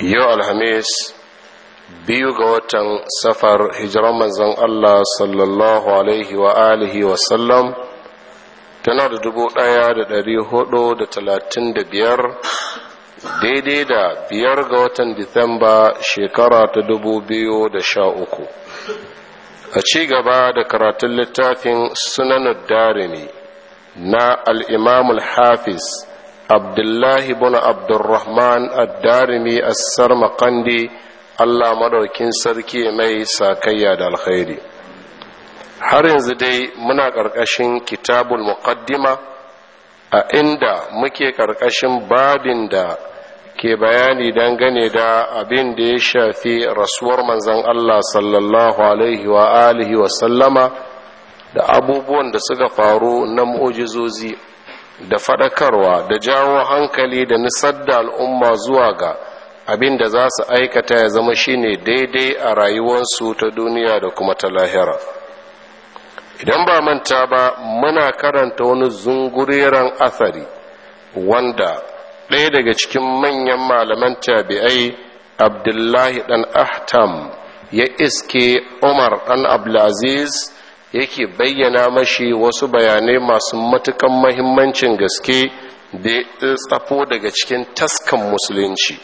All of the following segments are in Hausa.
yau alhamis biyu ga watan safar hijiran manzan Allah sallallahu alaihi wa alihi wa sallam tana da dubu ɗaya da dari hudu da talatin da biyar daidai da biyar ga watan disamba shekara ta dubu biyu da sha uku a ci gaba da karatun littafin sunanar darimi na al'imamul hafiz abdullahi bin abdurrahman addarimi assar makandi allah madaukin sarki mai sakayya da alkhairi har yanzu dai muna ƙarƙashin kitabul muqaddima a inda muke ƙarƙashin babin da ke bayani dangane da abin da ya shafi rasuwar manzan allah sallallahu alaihi wa alihi wa sallama da abubuwan da suka faru na mu'ujizozi da faɗakarwa da jawo hankali da nisar da al'umma zuwa ga abin da za su aikata ya zama shine daidai a rayuwarsu ta duniya da kuma ta lahira idan ba manta ba muna karanta wani zunguriran athari wanda ɗaya daga cikin manyan malaman tabi'ai abdullahi ɗan ahtam ya iske umar ɗan abdulaziz yake bayyana mashi wasu bayanai masu matukan mahimmancin gaske da tsafo daga cikin taskan musulunci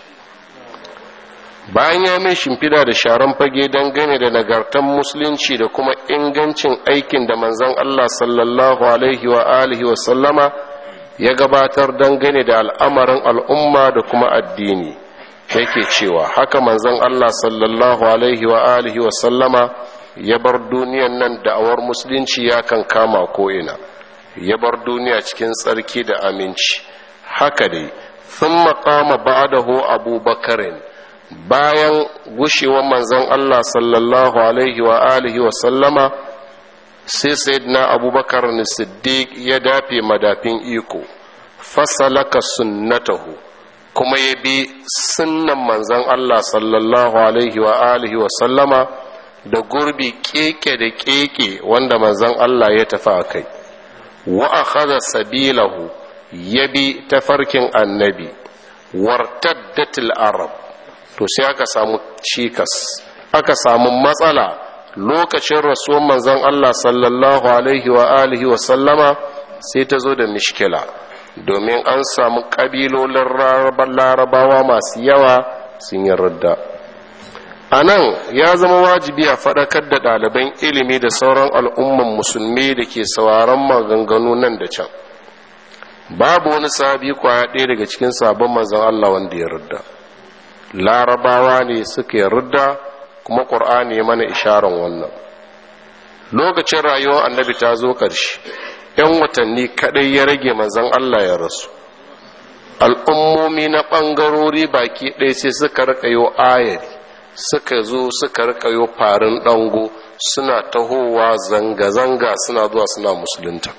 bayan ya mai shimfida da sharan fage dangane da nagartan musulunci da kuma ingancin aikin da manzan Allah sallallahu alaihi wa alihi wa sallama ya gabatar dangane da al'amarin al'umma da kuma addini yake cewa haka manzan Allah sallallahu alaihi wa alihi wa sallama ya bar duniyan nan da'awar musulunci ya kan kama ko'ina ya bar duniya cikin tsarki da aminci haka dai sun makama ba da ho abubakarin bayan gushewar manzan allah sallallahu alaihi wa alihi wa sallama sai sayyidina abubakar ni siddiq ya dafe madafin iko fasalaka sunnatahu kuma ya bi sunnan manzan allah sallallahu alaihi wa alihi wa sallama da gurbi keke da keke wanda manzon Allah ya tafi a kai wa akhadha sabilahu yabi tafarkin annabi wartaddatil arab to sai aka samu cikas aka samu matsala lokacin rasuwan manzon Allah sallallahu alaihi wa alihi wa sallama sai ta zo da mishkila domin an samu ƙabilolin larabawa masu yawa sun yi radda a nan ya zama wajibi a faɗakar da ɗaliban ilimi da sauran al'umman musulmi da ke sauraron maganganu nan da can babu wani sabi kwaya ɗaya daga cikin sabon manzan Allah wanda ya rudda larabawa ne suka ya rudda kuma ƙur'ani mana isharan wannan lokacin rayuwar annabi ta zo ƙarshe 'yan watanni kaɗai ya rage manzan Allah ya rasu al'ummomi na ɓangarori baki ɗaya sai suka rika ayari suka zo suka rikayo farin dango suna tahowa zanga-zanga suna zuwa suna musulunta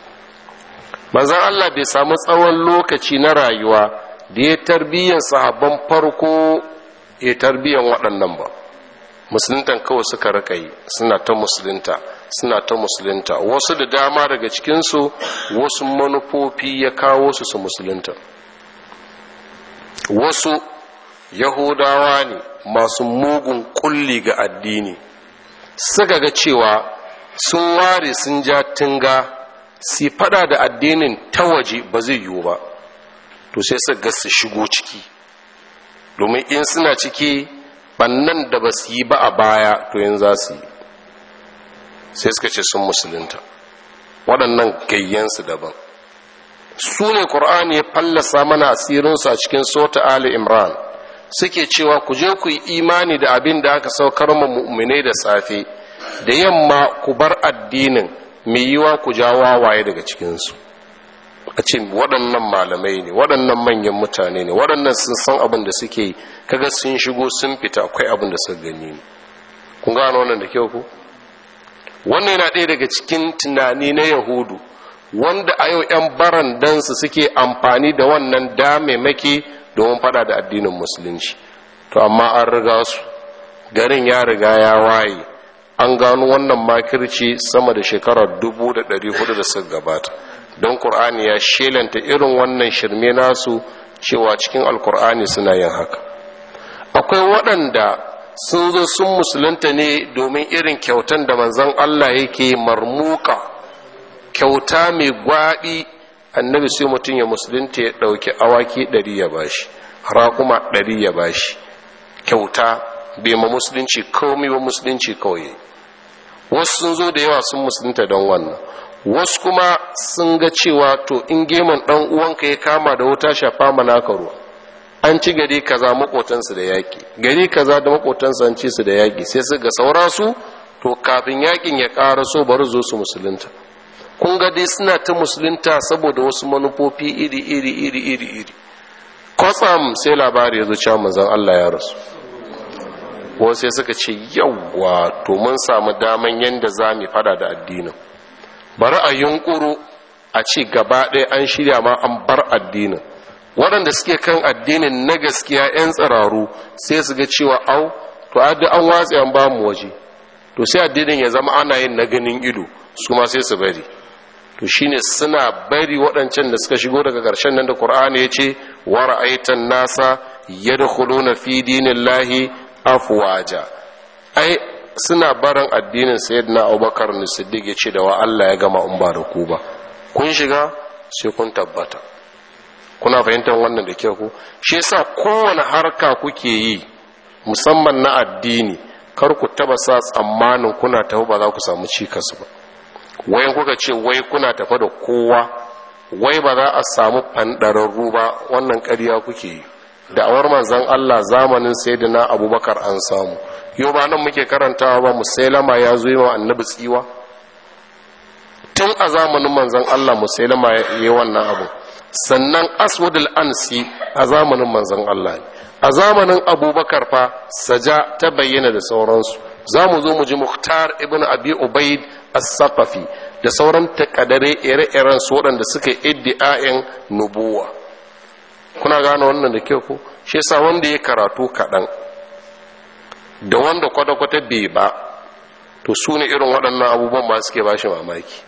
manzan Allah bai samu tsawon lokaci na rayuwa da ya tarbiyyar sahabban farko ya tarbiyyar waɗannan ba musuluntan kawai suka rikayi suna ta musulunta suna ta musulunta wasu da dama daga cikinsu wasu manufofi ya kawo su su musulunta wasu yahudawa ne masu mugun kulli ga addini suka ga cewa sun ware sun ja tunga si fada da addinin ta waje ba zai yiwu ba to sai suka ga su shigo ciki domin in suna ciki bannan da ba su yi ba a baya to yin za su yi sai suka ce sun musulunta waɗannan gayyansu daban su ne ƙur'ani ya fallasa mana asirinsu a cikin sota ali imran suke cewa ku je ku yi imani da abin da aka saukar ma mu'minai da safe da yamma ku bar addinin mai yiwa ku ja wawaye daga cikinsu a ce waɗannan malamai ne waɗannan manyan mutane ne waɗannan sun san abin da suke yi kaga sun shigo sun fita akwai abin da suka gani ne kun gano wannan da kyau ku wannan yana ɗaya daga cikin tunani na yahudu wanda a yau 'yan barandansu suke amfani da wannan damaimaki domin fada da addinin musulunci to amma an riga su garin ya riga ya waye an gano wannan makirci sama da shekara dubu gabata don ƙur'ani ya shelanta irin wannan shirme nasu cewa cikin alƙur'ani suna yin haka akwai waɗanda sun zo sun musulunta ne domin irin kyautan da manzon Allah yake marmuka kyauta mai gwaɗi annabi sai mutum ya musulunta ya ɗauki awaki ɗari ya bashi raƙuma ɗari ya bashi kyauta bai ma musulunci komai ba musulunci kawai wasu sun zo da yawa sun musulunta don wannan wasu kuma sun ga cewa to in geman ɗan uwanka ya kama da wuta shafa mana ruwa an ci gari kaza makotansu da yaƙi gari kaza da makotansu an ci su da yaƙi sai su saura su to kafin yaƙin ya ƙara so bari zo su musulunta kun ga dai suna ta musulunta saboda wasu manufofi iri iri iri iri iri kwatsam sai labari ya zuciya manzan Allah ya rasu wasu ya suka ce yawwa to mun samu daman yadda za mu fada da addinin bari a yunkuru a ce gaba ɗaya an shirya ma an bar addinin waɗanda suke kan addinin na gaskiya 'yan tsiraru sai su ga cewa au to adi an watsi an ba mu waje to sai addinin ya zama ana yin na ganin ido su ma sai su bari to shine suna bari waɗancan da suka shigo daga ƙarshen nan da Qur'ani ya ce wara'aitan nasa yadkhuluna fi dinillahi afwaja ai suna barin addinin sayyidina Abubakar ne Siddiq ya ce da wa Allah ya gama in ba da ku ba kun shiga sai kun tabbata kuna fahimtar wannan da kyau ku shi yasa kowane harka kuke yi musamman na addini kar ku taba sa tsammanin kuna tafi ba za ku samu cikas ba wai kuka ce wai kuna tafa da kowa wai ba za a samu fandararru ba wannan ƙarya kuke yi da awar manzan Allah zamanin sai na abubakar an samu yau ba nan muke karantawa ba musailama ya zo ma annabi tsiwa tun a zamanin manzan Allah musailama ya yi wannan abu sannan aswadul ansi a zamanin manzan Allah ne a zamanin abubakar fa saja ta bayyana da sauransu za mu zo mu ji muhtar ibn abi ubaid as-saqafi da sauran takadare ire-iren su waɗanda suka iddi'a'in nubuwa kuna gane wannan da kyau ko shi yasa wanda ya karatu kaɗan da wanda kwata-kwata bai ba to su ne irin waɗannan abubuwan ba suke ba mamaki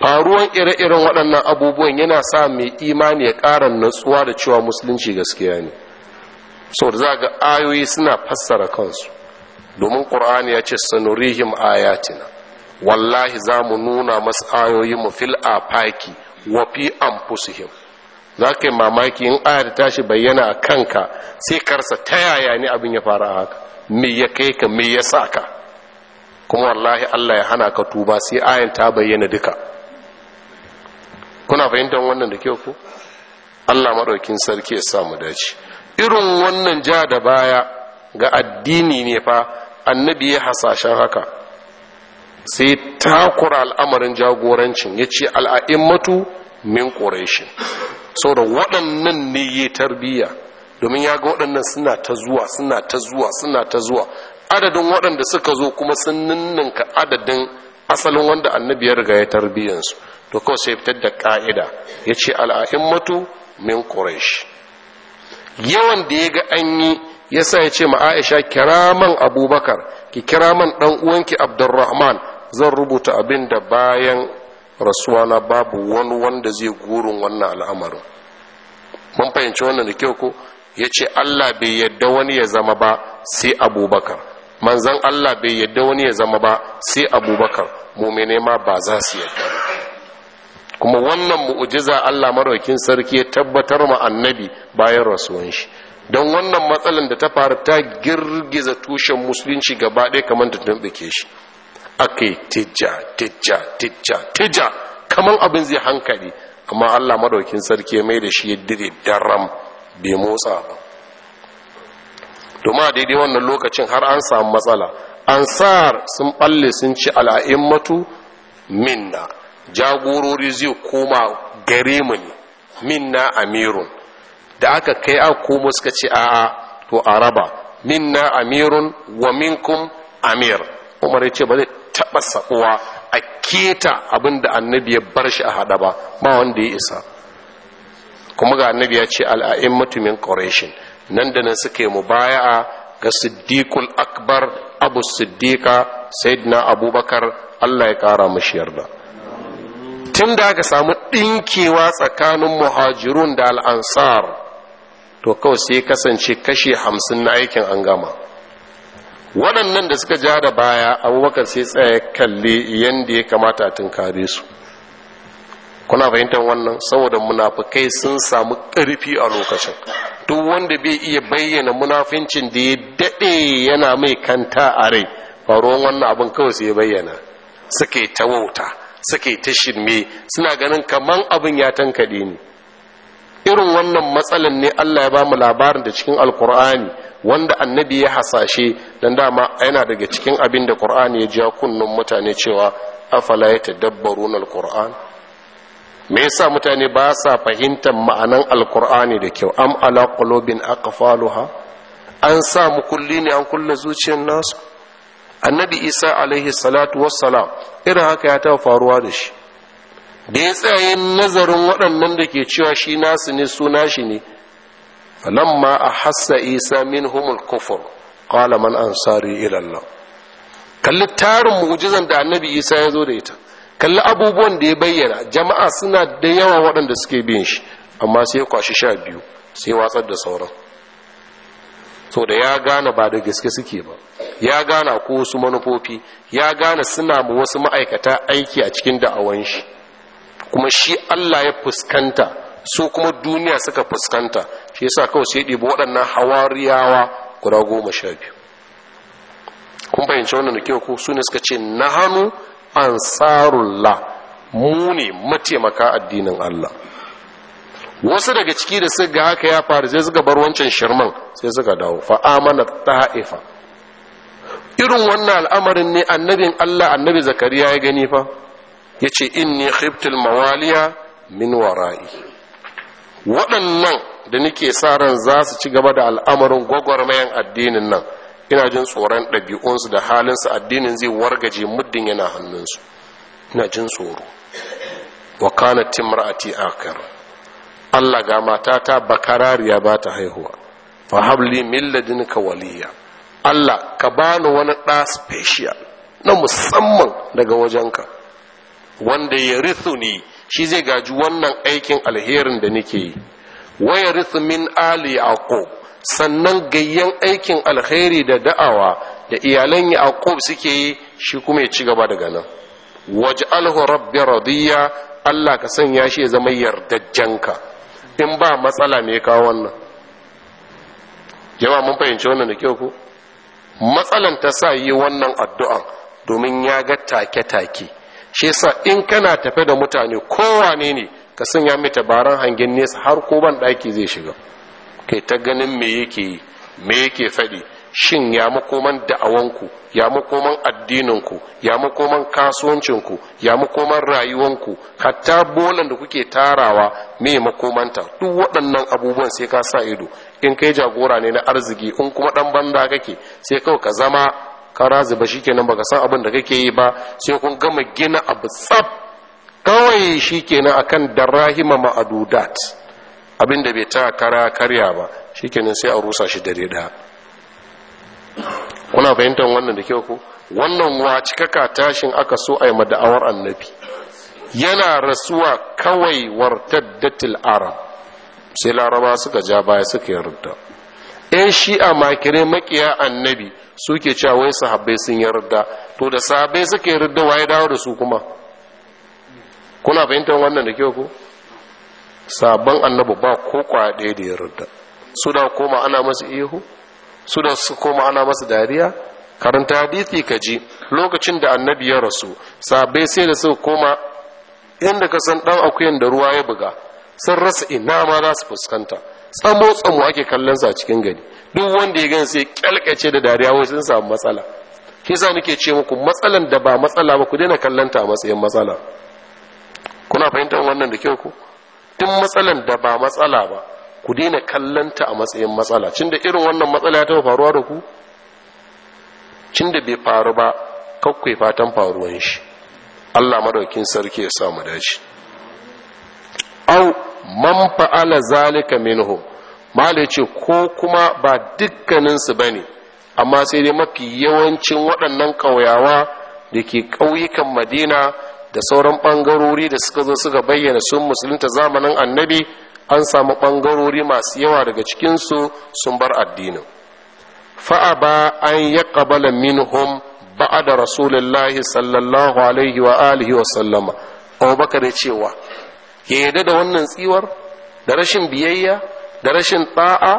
faruwan ire-iren waɗannan abubuwan yana sa mai imani ya ƙara natsuwa da cewa musulunci gaskiya ne da za ga ayoyi suna fassara kansu domin ƙur'ani ya ce sanurihim ayatina wallahi za mu nuna masu ayoyinmu fil faki wa fi anfusihim za ka yi mamaki in ayar tashi bayyana a kanka sai karsa ta yaya ne abin ya fara haka me ya kai ka me ya sa ka kuma wallahi Allah ya hana ka tuba sai ayan ta bayyana duka kuna fahimtar wannan da kyau ku Allah maɗaukin sarki ya samu dace irin wannan ja da baya ga addini ne fa annabi ya hasashen haka sai takura al'amarin jagorancin ya ce al'a'immatu min sau da waɗannan ne yi tarbiyya domin ya ga waɗannan suna ta zuwa suna ta zuwa suna ta zuwa adadin waɗanda suka zo kuma sun ninninka adadin asalin wanda annabi ya riga ya tarbiyyansu to kawai sai fitar da ƙa'ida ya ce al'a'immatu min ƙorashi yawan da ya ga an yi ya sa ya ce ma aisha kira man abubakar ki kira man ɗan uwanki abdurrahman zan rubuta abin da bayan na babu wani wanda zai gurin wannan al'amarin mun fahimci wannan da kyau ko ya ce allah bai yadda wani ya zama ba sai abubakar manzan allah bai yadda wani ya zama ba sai abubakar mumene ma ba za su yadda kuma wannan mu'ujiza allah maraukin sarki ya tabbatar ma annabi bayan rasuwan shi don wannan matsalan da ta faru ta girgiza tushen musulunci gaba ɗaya kamar da ta tumɓuke shi ake tijja tijja tijja tijja kamar abin zai hankali amma allah madaukin sarki mai da shi ya daram bai motsa ba domin daidai wannan lokacin har an samu matsala ansar sun balle sun ci al'a'immatu minna jagorori zai koma gare mu ne minna amirun da aka kai a komo suka ce a, to araba minna amirun wa minkum amir umar ya ce ba zai taba saɓuwa a keta abinda annabi ya bar shi a hada ba ba wanda ya isa kuma ga annabi ya ce al'a'in mutumin ƙorashin nan da nan suka yi baya ga siddiqul akbar abu siddiqa sayyidina abubakar allah ya ƙara mashi yarda tun da aka samu ɗinkewa tsakanin muhajirun da al'ansar to kawai sai kasance kashe hamsin na aikin an gama waɗannan da suka ja da baya abubakar sai tsaye kalli yadda ya kamata a tunkare su kuna fahimtar wannan saboda munafukai sun samu ƙarfi a lokacin duk wanda bai iya bayyana munafincin da ya daɗe yana mai kanta a rai faruwan wannan abin kawai sai ya bayyana suke ta wauta suke ta shirme suna ganin kaman abin ya tankaɗe ne irin wannan matsalan ne allah ya ba mu labarin da cikin alkur'ani wanda annabi ya hasashe dan dama yana daga cikin abin da qur'ani ya ja kunnun mutane cewa afala yatadabbaruna alquran me yasa mutane ba sa fahimtar ma'anan alqur'ani da kyau am ala qulubin aqfaluha an sa mu kulli ne an kulle zuciyar nasu annabi isa alaihi salatu wassalam irin haka ya ta faruwa da shi da ya tsaye nazarin waɗannan da ke cewa shi nasu ne su nashi ne falamma ma a minhum al-kufr qala man ansari ila Allah kalli tarin mu'jizan da annabi isa ya zo da ita kalli abubuwan da ya bayyana jama'a suna da yawa waɗanda suke bin shi amma sai kwashi sha biyu sai watsar da sauran so da ya gane ba da gaske suke ba ya gane ko wasu manufofi ya gane suna ma wasu ma'aikata aiki a cikin da'awan shi kuma shi Allah ya fuskanta su kuma duniya suka fuskanta shi yasa kawai sai ɗibo waɗannan hawariyawa guda goma sha biyu kun fahimci wannan da kyau ko su ne suka ce na hannu ansarullah mu ne mataimaka addinin Allah wasu daga ciki da su ga haka ya faru sai suka bar wancan shirman sai suka dawo fa amana ta'ifa irin wannan al'amarin ne annabin Allah annabi zakariya ya gani fa Ya yace inni khiftul mawaliya min wara'i waɗannan da nake sa ran za su ci gaba da al'amarin gwagwarmayan addinin nan ina jin tsoron ɗabi'unsu da halinsu addinin zai wargaje muddin yana hannunsu ina jin tsoro wa kana timra'ati akar Allah ga matata bakarariya ba ta haihuwa fa habli min ladinka waliya Allah ka bani wani ɗa special na musamman daga wajenka wanda ya rithu ni shi zai gaji wannan aikin alherin da nake yi waya min ali yaqub sannan gayyan aikin alheri da da'awa da iyalan yaqub suke yi shi kuma ya ci gaba daga nan waj'alhu rabbi radiya Allah ka sanya shi ya zama yardajjanka in ba matsala me kawo wannan jama'a mun fahimci wannan da kyau ko matsalan ta sa yi wannan addu'an domin ya ga take-take shi yasa in kana tafe da mutane kowane ne ka sanya mai tabaran hangen nesa har ko ban ɗaki zai shiga kai ta ganin me yake yi me yake faɗi shin ya makoman da'awanku ya makoman addininku ya makoman kasuwancinku ya makoman rayuwanku hatta bolan da kuke tarawa me makomanta duk waɗannan abubuwan sai ka sa ido in kai jagora ne na arziki in kuma ɗan banza kake sai kawai ka zama ka ba shikenan baka san abin da kake yi ba sai kun gama gina abu tsab kawai shikenan akan darahima ma'adudat abin da bai ta kara karya ba shikenan sai a rusa shi dare da. kuna fahimtar wannan da kyau ko wannan wa cikaka tashin aka so a yi mada'awar annabi yana rasuwa kawai datil arab sai laraba suka ja baya suka yi yarda yan shi'a makirai makiya annabi suke cewa wai sahabbai sun yarda to da sahabbai suka yarda waye dawo da su kuma kuna fahimtar wannan da kyau ko sabon annabi ba ko kwa ɗaya da yarda su da koma ana masu ihu su da su koma ana masu dariya karanta hadisi ka lokacin da annabi ya rasu sabai sai da suka koma inda ka san dan akuyan da ruwa ya buga sun rasa ina ma za su fuskanta tsamo tsamo ake kallon sa cikin gari duk wanda ya gan sai kyalkace da dariya wai sun samu matsala shi sa nake ce muku matsalan da ba matsala ba ku daina kallanta a matsayin matsala kuna fahimtar wannan da kyau ku duk matsalan da ba matsala ba ku daina kallanta a matsayin matsala cin da irin wannan matsala ya taɓa faruwa da ku cin da bai faru ba kakwai fatan faruwan shi Allah madaukin sarki ya sa mu dace au man fa'ala zalika minhum malai ce ko kuma ba dukkaninsu ba ne amma sai dai mafi yawancin waɗannan ƙauyawa da ke ƙauyukan madina da sauran ɓangarori da suka zo suka bayyana sun musulunta zamanin annabi an samu ɓangarori masu yawa daga cikinsu sun bar addinin fa'a ba an ya ƙabala minhum ba'a da rasulullahi sallallahu alaihi wa alihi wa sallama abubakar ya cewa ya yarda da wannan tsiwar da rashin biyayya da rashin ɗa'a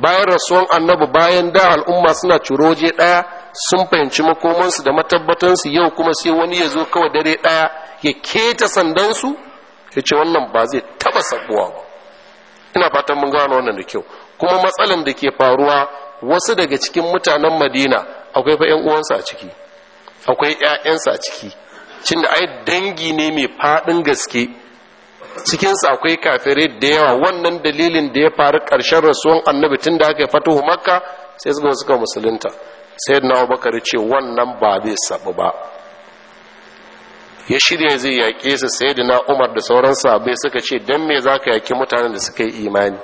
bayan rasuwan annabi bayan da al'umma suna curoje daya sun fahimci makomansu da matabbatansu yau kuma sai wani ya zo kawai dare daya ya keta sandansu ya ce wannan ba zai taba sabuwa ba ina fatan mun gano wannan da kyau kuma matsalan da ke faruwa wasu daga cikin mutanen madina akwai fa yan uwansa a ciki akwai ƴaƴansa a ciki cin da ai dangi ne mai faɗin gaske cikinsa akwai kafirai da yawa wannan dalilin da ya faru karshen rasuwan annabi tun da aka fatahu makka sai suka suka musulunta sai na abubakar ce wannan ba zai sabu ba ya shirya zai yaƙe su sai da na umar da sauran sabai suka ce don me za ka yaƙi mutanen da suka yi imani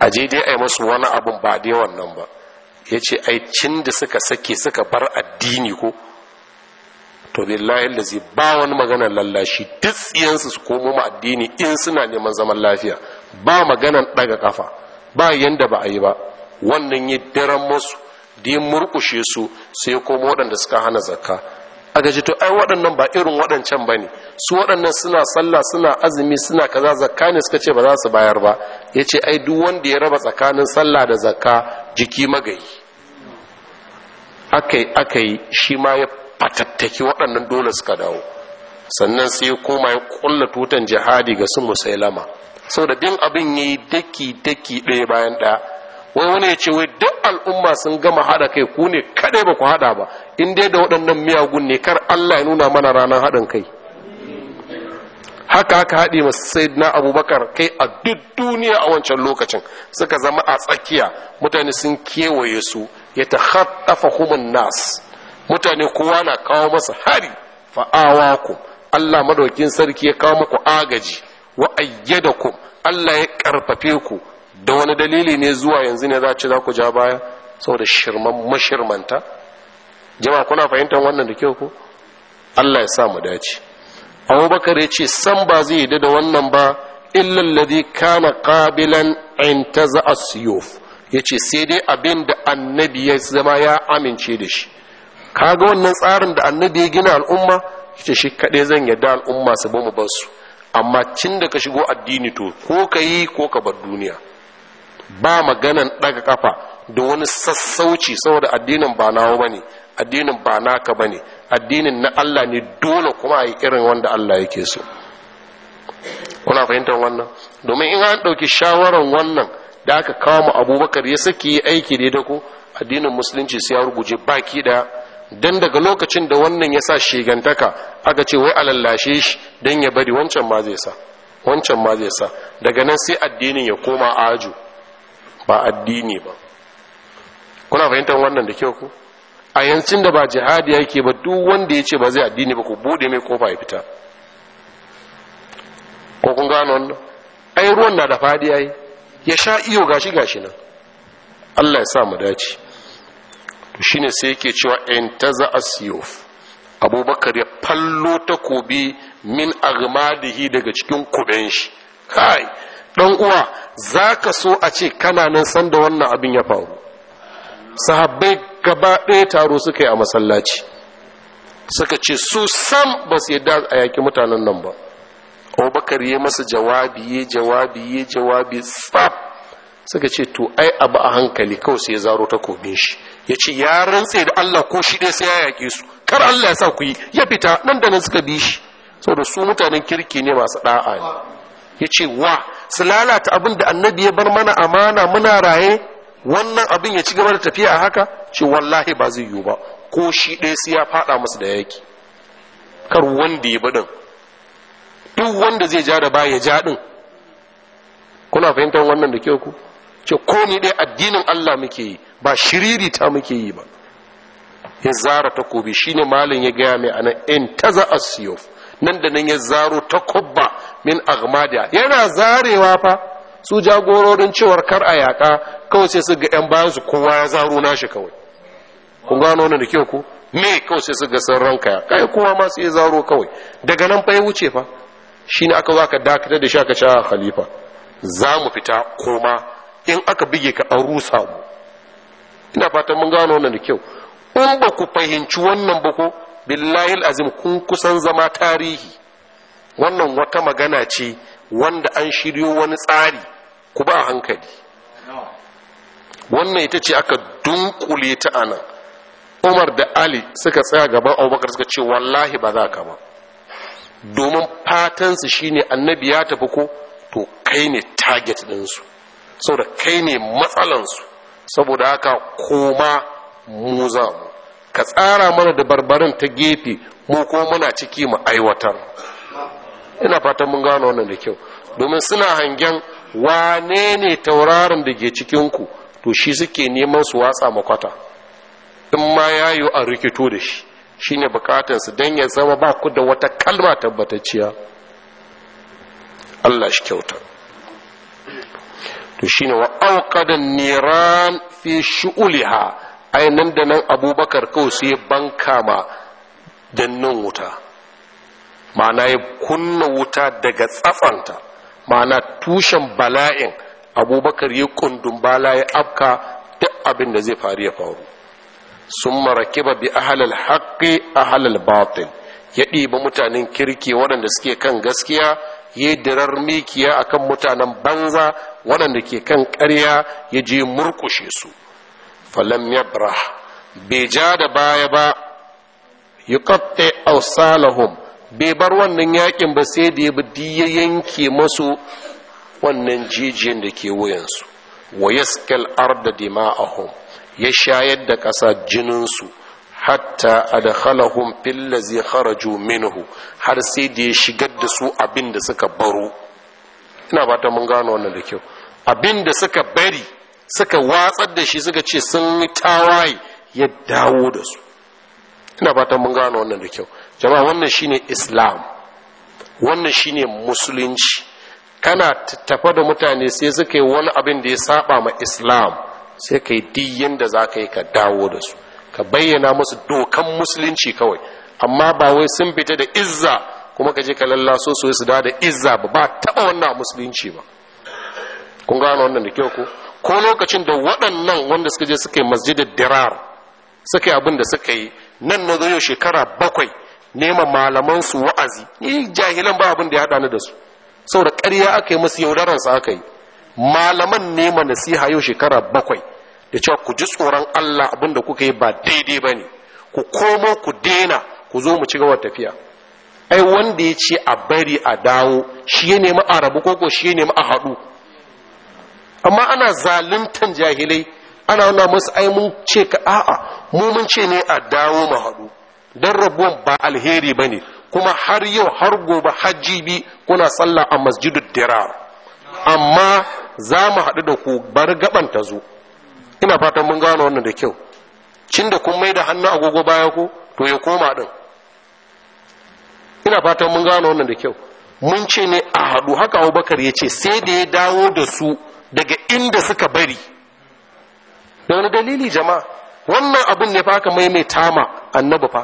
a je dai a yi masu wani abin ba dai wannan ba ya ce ai cin da suka sake suka bar addini ko to billahi lazi ba wani magana lallashi duk tsiyansu su komo ma addini in suna neman zaman lafiya ba maganan daga kafa ba yanda ba a yi ba wannan yi daren musu da ya murkushe su sai komo waɗanda suka hana zakka A gaji to ai waɗannan ba irin waɗancan ba ne su waɗannan suna sallah suna azumi suna kaza zakka ne suka ce ba za su bayar ba ya ce ai duk wanda ya raba tsakanin sallah da zakka jiki magayi aka yi aka yi shi ma ya A fatattaki waɗannan dole suka dawo sannan sai koma ya kulla tutan jihadi ga sun musailama sau da bin abin yi daki daki ɗaya bayan ɗaya wai wani ya ce wai duk al'umma sun gama haɗa kai ku ne kaɗai ba ku haɗa ba in dai da waɗannan miyagun ne kar allah ya nuna mana ranar haɗin kai haka haka haɗe masu sai na abubakar kai a duk duniya a wancan lokacin suka zama a tsakiya mutane sun kewaye su ya ta haɗafa nas mutane kowa na kawo masa hari fa'awa ku Allah madaukin sarki ya kawo muku agaji wa ku. Allah ya karfafe ku da wani dalili ne zuwa yanzu ne za ci za ku ja baya saboda shirman mashirmanta jama'a kuna fahimtar wannan da kyau ku? Allah ya sa mu dace Abubakar ya ce san ba zai yi da wannan ba illa alladhi kana qabilan intaza as yace sai dai abin da annabi ya zama ya amince da shi kaga wannan tsarin da annabi ya gina al'umma ce shi kaɗai zan yadda al'umma su bamu mu su amma cin da ka shigo addini to ko ka yi ko ka bar duniya ba maganan ɗaga kafa da wani sassauci saboda addinin ba nawo ba addinin ba naka ba ne addinin na Allah ne dole kuma a yi irin wanda Allah yake so kuna fahimtar wannan domin in an ɗauki shawarar wannan da aka kawo mu abubakar ya saki aiki da ku addinin musulunci sai ya ruguje baki da don daga lokacin da wannan ya sa shigantaka aka ce wai alallashe shi don ya bari wancan ma zai sa wancan ma zai sa daga nan sai addinin ya koma aju ba addini ba kuna fahimtar wannan da kyau ku a yancin da ba jihadi yake ba duk wanda ya ce ba zai addini ba ku bude mai kofa ya fita ko kun gano wannan ai ruwan na da fadi yayi ya sha iyo gashi gashi nan Allah ya sa mu dace shine sai yake cewa in taza siyo, abubakar ya fallo takobi min agmadihi daga cikin kuben shi kai dan uwa zaka so a ce kana nan san da wannan abin ya faru sahabbai gaba ɗaya taro suka yi a masallaci suka ce su sam ba su yadda a yaƙi mutanen nan ba abubakar ya masa jawabi ya jawabi ya jawabi tsaf suka ce to ai abu a hankali kawai sai ya zaro takobin shi ya ce ya rantse da Allah ko shi ɗaya sai ya yake su kar Allah ya sa ku yi ya fita nan da nan suka bi shi saboda su mutanen kirki ne masu da'a ne ya ce wa su lalata abin da annabi ya bar mana amana muna raye wannan abin ya ci gaba da tafiya a haka ce wallahi ba zai yiwu ba ko shi ɗaya sai ya faɗa masu da yaki kar wanda ya baɗin duk wanda zai ja da ba ya ja ɗin kuna fahimtar wannan da kyau ku ce komi dai addinin Allah muke yi ba shiriri ta muke yi ba ya zara takobi shine malin ya gaya mai anan in taza asiyuf nan da nan ya zaro takobba min agmada yana zarewa fa su jagororin cewar kar a yaka kawai sai su ga yan bayan su kowa ya zaro nashi kawai kun gano wannan da kyau ko me kawai sai su ga san ranka ya kai kowa ma sai ya zaro kawai daga nan fa ya wuce fa shine aka zo aka dakatar da shi aka ce ah, khalifa za mu fita koma in aka bige ka an rusa mu ina fatan mun gano wannan da kyau in ba ku fahimci wannan ba ko billahi azim kun kusan zama tarihi wannan wata magana ce wanda an shiryo wani tsari ku ba hankali wannan ita ce aka dunkule ta ana umar da ali suka tsaya gaban abubakar suka ce wallahi ba za ka ba domin fatansu shine annabi ya tafi ko to kai ne target ɗinsu saboda kai ne matsalansu saboda haka koma mu za mu ka tsara mana da barbarin ta gefe mu ko muna ciki mu aiwatar ina fatan mun gano wannan da kyau domin suna hangen wane ne taurarin da ke cikinku to shi suke neman su watsa makwata in ma ya yi a rikito da shi shi ne bukatansu don ya zama ba ku da wata kalma tabbatacciya Allah shi kyauta to shine wa nera niran fi shu'uliha ai nan da nan abubakar kawai sai banka ma dannan wuta ma'ana ya kunna wuta daga tsafanta ma'ana tushen bala'in abubakar ya kundun bala ya afka duk abin da zai faru ya faru sun marakiba bi ahalal haƙƙi ahalal batil ya ɗiba mutanen kirki waɗanda suke kan gaskiya ya dirar mikiya akan mutanen banza waɗanda ke kan ƙarya ya je murƙushe su falam bra bai ja da baya ba yuqatti awsalahum bai bar wannan yakin ba sai da ya bi diya yanke masu wannan jijiyan da ke wuyansu wa yaskal arda dima'ahum ya shayar da ƙasa jininsu hatta a adkhalahum fil ladzi kharaju minuhu har sai da ya shigar da su abin da suka baro ina fata mun gano wannan da kyau abin da suka bari suka watsar da shi suka ce sun yi tawaye ya dawo da su ina fatan mun gano wannan da kyau jama'a wannan shine islam wannan shine musulunci kana tafa da mutane sai suka yi wani abin da ya saba ma islam sai ka yi diyyan da za ka yi ka dawo da su ka bayyana musu dokan musulunci kawai amma ba wai sun fita da izza kuma ka je ka lallaso su su da da izza ba ba taɓa wannan musulunci ba kun gano wannan da kyau ko ko lokacin da waɗannan wanda suka je suka yi masjidin dirar suka yi abin da suka yi nan na zo yau shekara bakwai nema malaman su wa'azi ni jahilan ba abin da ya haɗa ni da su saboda ƙarya aka yi musu yaudaran su aka yi malaman nema nasiha yau shekara bakwai da cewa ku ji tsoron Allah abin da kuka yi ba daidai ba ne ku komo ku daina ku zo mu ci gaba tafiya ai wanda ya ce a bari a dawo shi ya nemi a rabu koko shi ya nemi a haɗu amma ana zaluntan jahilai ana nuna musu ai mun ce ka a'a mu mun ce ne a dawo mu haɗu don rabuwan ba alheri ba ne kuma har yau har gobe bi kuna sallah a masjidu dirar amma za mu haɗu da ku bar gaban ta zo ina fatan mun gano wannan da kyau cin da kun mai da hannu agogo baya ko to ya koma din ina fatan mun gano wannan da kyau mun ce ne a haɗu haka abubakar ya ce sai da ya dawo da su daga inda suka bari da wani dalili jama'a wannan abin ne fa aka maimaita ma annabi fa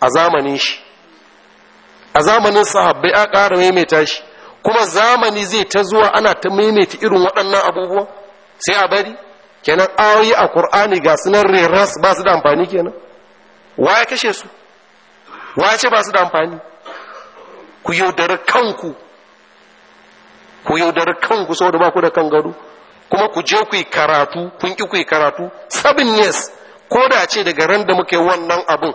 a zamanin shi a zamanin sahabbai a ƙara maimaita shi kuma zamani zai ta zuwa ana ta maimaita irin waɗannan abubuwa sai a bari kenan ayoyi a Kur'ani ga sunan reras ba su da amfani kenan ya kashe su ya ce ba su da amfani ku yaudari kanku ku ku kanku da ba ku da kan gado kuma ku je ku yi karatu kun ki ku yi karatu seven years ko da ce daga ran da muke wannan abin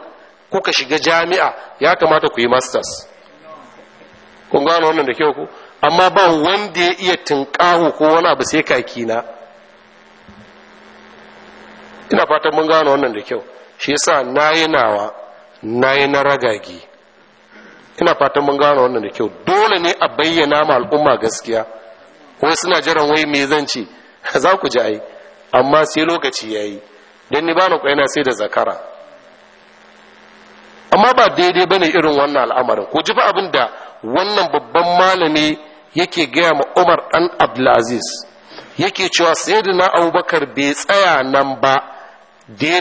kuka shiga jami'a ya kamata ku yi masters kun gano wannan da kyau ku amma ba wanda ya iya tunƙahu ko wani abu sai kaki na ina fatan mun gano wannan da kyau shi yasa na nawa nayi yi na ragagi ina fatan mun gano wannan da kyau dole ne a bayyana ma al'umma gaskiya ko suna jiran wai me zan ce za ku ji ai amma sai lokaci yayi dan ni bana kwaina sai da zakara amma ba daidai bane irin wannan al'amarin ku ji fa abin da wannan babban malami yake gaya ma Umar dan Abdulaziz yake cewa sayyidina Abubakar bai tsaya nan ba da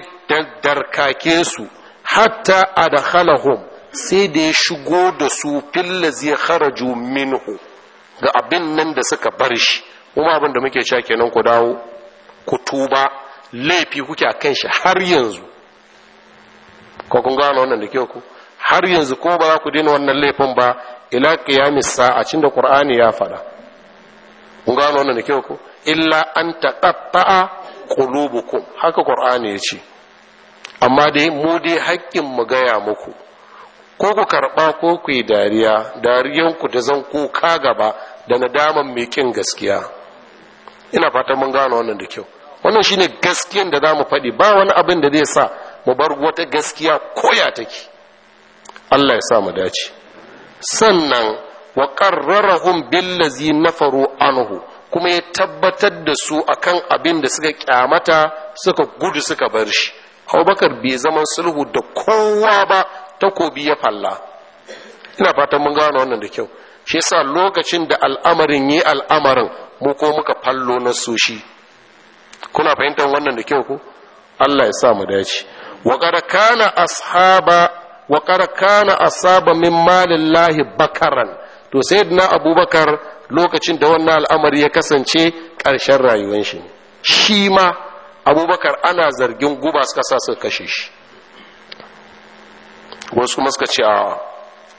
darkake su hatta a adkhalahum sai da ya shigo da su fillazi kharaju minhu ga abin nan da suka bar shi kuma abin da muke cewa kenan ku dawo ku tuba laifi kuke a kan shi har yanzu ko kun gano wannan da kyau ku har yanzu ko ba za ku daina wannan laifin ba ila qiyamis sa'a cin da qur'ani ya faɗa kun gano wannan da kyau ku illa an taqatta'a qulubukum haka qur'ani ya ce amma dai mu dai haƙƙin mu gaya muku ko ku karɓa ko ku yi dariya dariyanku da zan kuka gaba da nadaman mai kin gaskiya ina fatan mun gano wannan da kyau wannan shine gaskiyan da zamu mu faɗi ba wani abin da zai sa mu bar wata gaskiya koya take Allah ya sa mu dace sannan wa qarrarahum billazi nafaru anhu kuma ya tabbatar da su akan abin da suka kyamata suka gudu suka bar shi Abubakar bai zaman sulhu da kowa ba takobi ya falla ina fatan mun gano wannan da kyau shi yasa lokacin da al'amarin yi al'amarin mu ko muka fallo na soshi kuna fahimtar wannan da kyau ko Allah ya sa mu dace wa qad kana ashaba wa qad kana asaba min malillahi bakaran to sayyidina abubakar lokacin da wannan al'amari ya kasance ƙarshen rayuwar shi shi ma abubakar ana zargin guba suka sa suka kashe shi wasu kuma suka ce a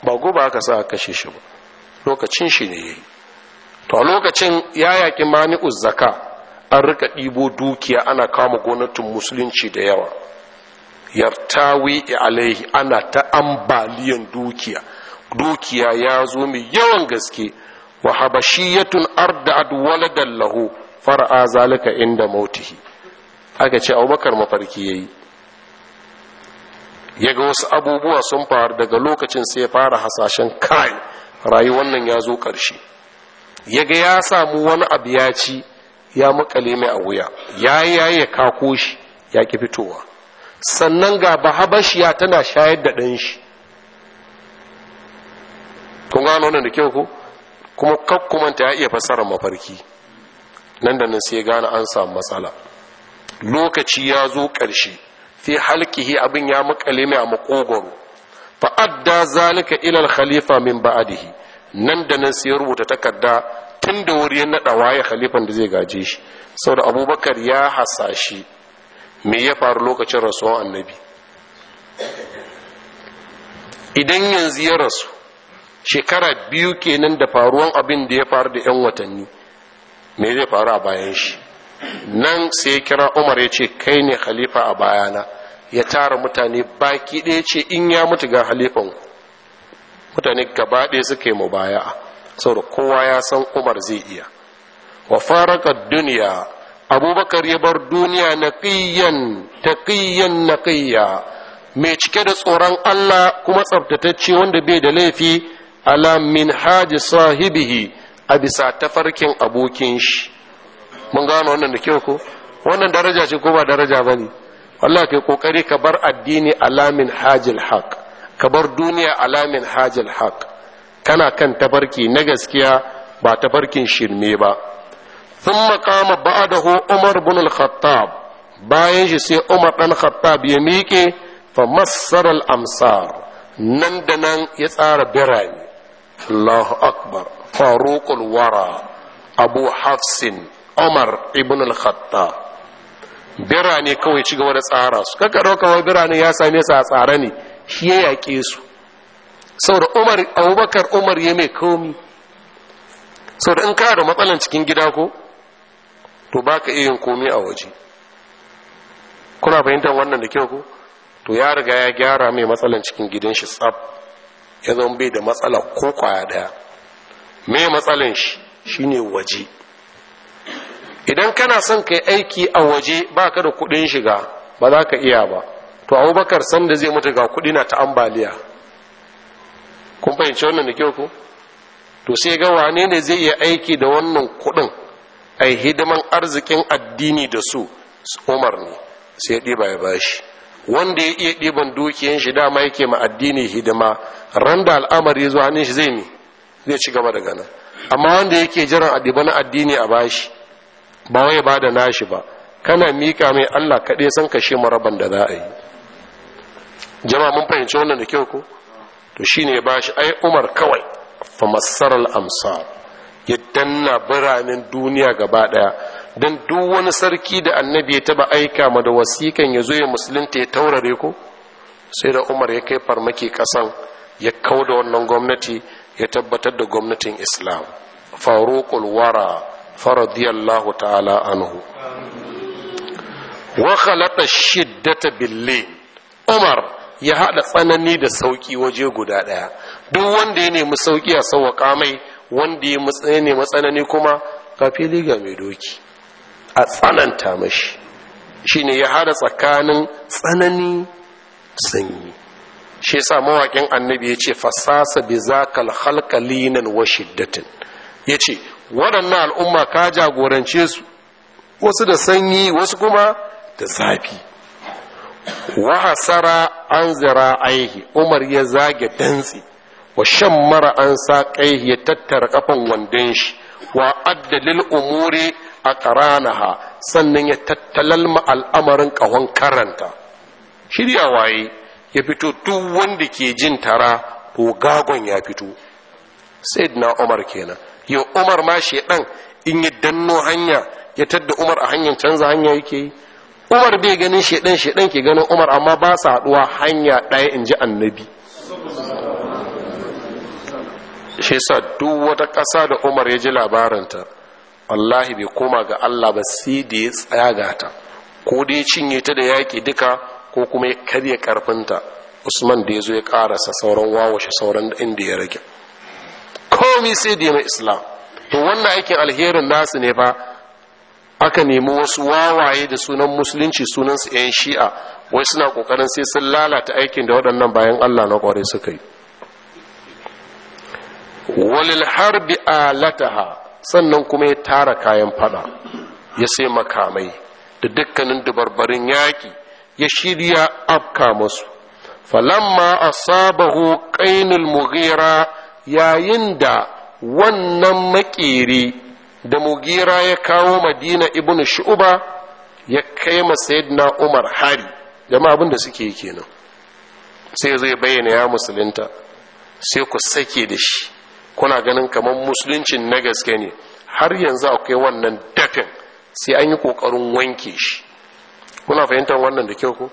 ba guba aka sa kashe shi ba lokacin shi ne yayi to a lokacin ya yaƙi mani zaka an rika ɗibo dukiya ana kama gwamnatin musulunci da yawa yartawi alaihi ana ta ambaliyan dukiya dukiya ya zo mai yawan gaske wa habashiyatun arda'at waladan lahu fara'a zalika inda mautihi aka ce abubakar mafarki yayi Yaga wasu abubuwa sun faru daga lokacin sai ya fara hasashen kai rayuwar nan ya zo ƙarshe Yaga ya samu wani abu ya ci ya makale mai a wuya ya yi ya ya kako shi ya ki fitowa sannan ga bahabashiya tana shayar da ɗan shi kun gano wannan da kyau ko kuma kakkumanta ya iya fassara mafarki nan da nan sai gane an samu matsala lokaci ya zo ƙarshe fi halkihi abin ya makale mai a makogoro fa'adda zalika ilal khalifa min ba'adihi nan da nan sai rubuta takarda tun da wuri ya naɗa waye khalifan da zai gaje shi saboda abubakar ya hasashi me ya faru lokacin rasuwan annabi idan yanzu ya rasu shekara biyu kenan da faruwan abin da ya faru da 'yan watanni me zai faru a bayan shi nan sai ya kira umar ya ce kai ne halifa a bayana ya tara mutane baki ɗaya ce in ya mutu ga halifan mutane gaba ɗaya suka yi baya saboda kowa ya san umar zai iya wa faraka duniya abubakar ya bar duniya na ƙiyan ta ƙiyan na ƙiyya mai cike da tsoron allah kuma tsabtatacce wanda bai da laifi ala min haji sahibihi a bisa tafarkin abokin shi mun gano wannan da kyau ko wannan daraja ce ko ba daraja ba ne Allah kai kokari ka bar addini alamin hajil haq ka bar duniya alamin hajil haq kana kan tafarki na gaskiya ba tafarkin shirme ba thumma qama ba'dahu umar ibn al-khattab bayan shi sai umar dan khattab ya miƙe fa massar al-amsar nan da nan ya tsara birane Allahu akbar faruqul wara abu hafsin Umar ibn al-Khattab birane kawai ci gaba da tsara su kaka wa birane ya same su a tsare ne shi ya yaƙe su saboda Umar Abubakar Umar ya mai komi saboda in kana da matsalan cikin gida ko to baka iya yin komi a waje kuna fahimtar wannan da kyau ko to ya riga ya gyara mai matsalan cikin gidan shi tsab ya zama bai da matsala ko kwaya daya mai matsalan shi shine waje idan kana son yi aiki a waje ba ka da kuɗin shiga ba za ka iya ba to abubakar san da zai mutu ga kuɗi na ta ambaliya kun fahimci wannan da kyau ku to sai ga wane ne zai yi aiki da wannan kuɗin a hidiman arzikin addini da su umar ne sai ya ɗiba ya bashi wanda ya iya ɗiban dukiyan shi dama yake ma addini hidima ran da al'amari zuwa hannun shi zai ne zai ci gaba daga nan amma wanda yake jiran a na addini a bashi ba wai ba da nashi ba kana mika mai Allah kaɗai san kashe maraban da za a yi jama mun fahimci wannan da kyau ko to shine ba shi ai Umar kawai fa masaral amsa ya danna biranen duniya gaba ɗaya. dan duk wani sarki da annabi ya taba aika ma da wasikan ya zo ya musulunta ya taurare ko sai da Umar ya kai farmaki kasan ya kau da wannan gwamnati ya tabbatar da gwamnatin Islam faruqul wara faradiyallahu ta'ala anhu wa khalaqa shiddata billi umar ya hada tsanani da sauki waje guda daya duk wanda ya nemi sauki a sauwaka mai wanda ya nemi tsanani kuma kafili ga mai doki a tsananta mashi shine ya hada tsakanin tsanani sanyi shi yasa mawakin annabi yace ce fasasa bizakal halkali khalqalinan wa shiddatin ya ce waɗannan al'umma ka jagorance su wasu da sanyi wasu kuma da zafi wa hasara an zira aihi umar ya zage dantse wa shan mara an sa ya tattara kafan wandon shi wa addalil umuri a ƙaranaha sannan ya tattalal al'amarin ƙahon karanta shirya waye ya fito duk wanda ke jin tara kogagon gagon ya fito na umar kenan yau umar ma shaidan, in ya danno hanya ya tadda umar a hanyar canza hanya yake yi umar bai ganin shaidan shaidan ke ganin umar amma ba su haduwa hanya ɗaya in ji annabi shi sa duk wata ƙasa da umar ya ji labarinta wallahi bai koma ga allah ba sai da ya tsaya ta, ko da ya cinye ta da yaƙi duka ko kuma ya karya karfinta usman da ya zo ya ƙarasa sauran wawashe sauran inda ya rage komi sai da mai islam to wannan aikin alherin nasu ne fa aka nemi wasu wawaye da sunan musulunci sunan su yan shi'a wai suna kokarin sai sun lalata aikin da waɗannan bayan Allah na kware suka yi walil harbi alataha sannan kuma ya tara kayan fada ya sai makamai da dukkanin dubarbarin yaƙi ya shirya afka musu falamma asabahu qainul mughira yayin da wannan makeri da mugira ya kawo madina ibn shu'ba ya kai ma sayyidina umar hari jama'a abin da suke yi kenan sai zai bayyana ya musulunta sai ku sake da shi kuna ganin kamar musuluncin na gaske ne har yanzu akwai wannan dafin sai an yi kokarin wanke shi kuna fahimtar wannan da kyau ko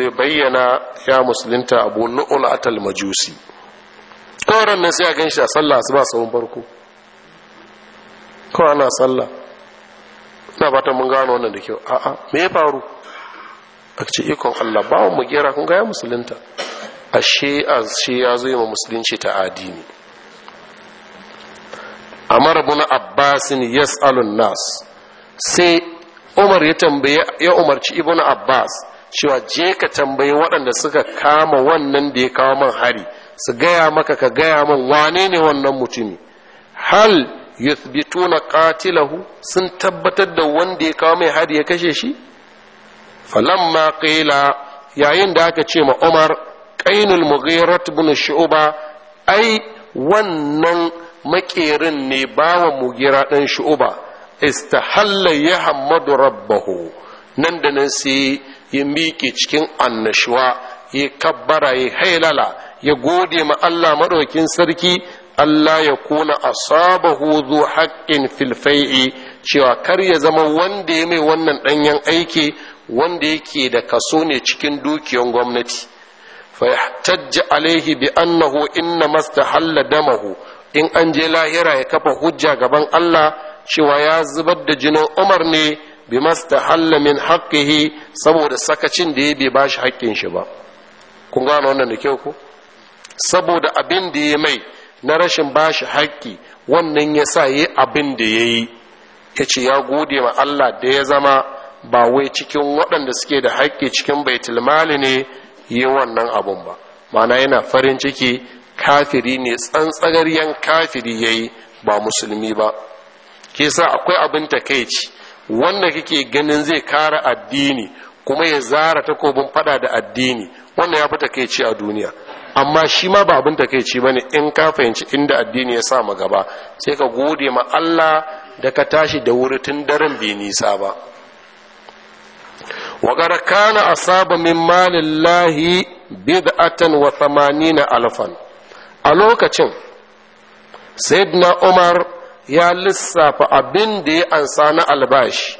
ya bayyana ya musulunta abu lu'ul atal majusi tsoron nan sai a gan shi a sallah su ba sauran farko kawai ana sallah ina fatan mun gano wannan da kyau a'a me ya faru a ce ikon allah bawon mu gera kun gaya musulunta ashe she ya zo ma musulunci ta adini amara bin abbasin alun nas sai umar ya tambaye ya umarci ibnu abbas cewa je ka tambayi waɗanda suka kama wannan da ya kawo man hari su gaya maka ka gaya min wane ne wannan mutumi hal yuthbituna qatilahu sun tabbatar da wanda ya kawo mai hari ya kashe shi falamma qila yayin da aka ce ma Umar qainul mughirat ibn shu'ba ai wannan makerin ne bawa mugira dan shu'ba istahalla yahmadu rabbahu nan da nan sai ya miƙe cikin annashuwa ya kabbara ya hailala ya gode ma Allah maɗaukin sarki Allah ya kuna asabahu zu haƙƙin filfai'i cewa kar ya zama wanda ya mai wannan ɗanyen aiki wanda yake da kaso ne cikin dukiyan gwamnati tajja alaihi bi annahu inna mastahalla damahu in an je lahira ya kafa hujja gaban Allah cewa ya zubar da jinin Umar ne bi mastahalla min haqqihi saboda sakacin da ya bai bashi haƙƙin shi ba kun gane wannan da kyau ko saboda abin da ya mai na rashin bashi haƙƙi wannan ya sa yi abin da ya yi ya ce ya gode ma Allah da ya zama ba wai cikin waɗanda suke da haƙƙi cikin baitulmali ne yi wannan abun ba mana yana farin ciki kafiri ne 'yan kafiri ya yi ba musulmi ba ke sa akwai abin takaici wanda kake ganin zai kara addini kuma ya zara takobin fada da addini wanda ya fi takaici a duniya amma shi ma ba abin takeici bane in ka fahimci inda addini ya sa mu gaba sai ka gode ma Allah da ka tashi da wuri tun daren bai nisa ba wa qad kana asaba min malillahi bid'atan wa thamanina alfan a lokacin sayyidina Umar ya lissafa abin da ya ansa na albashi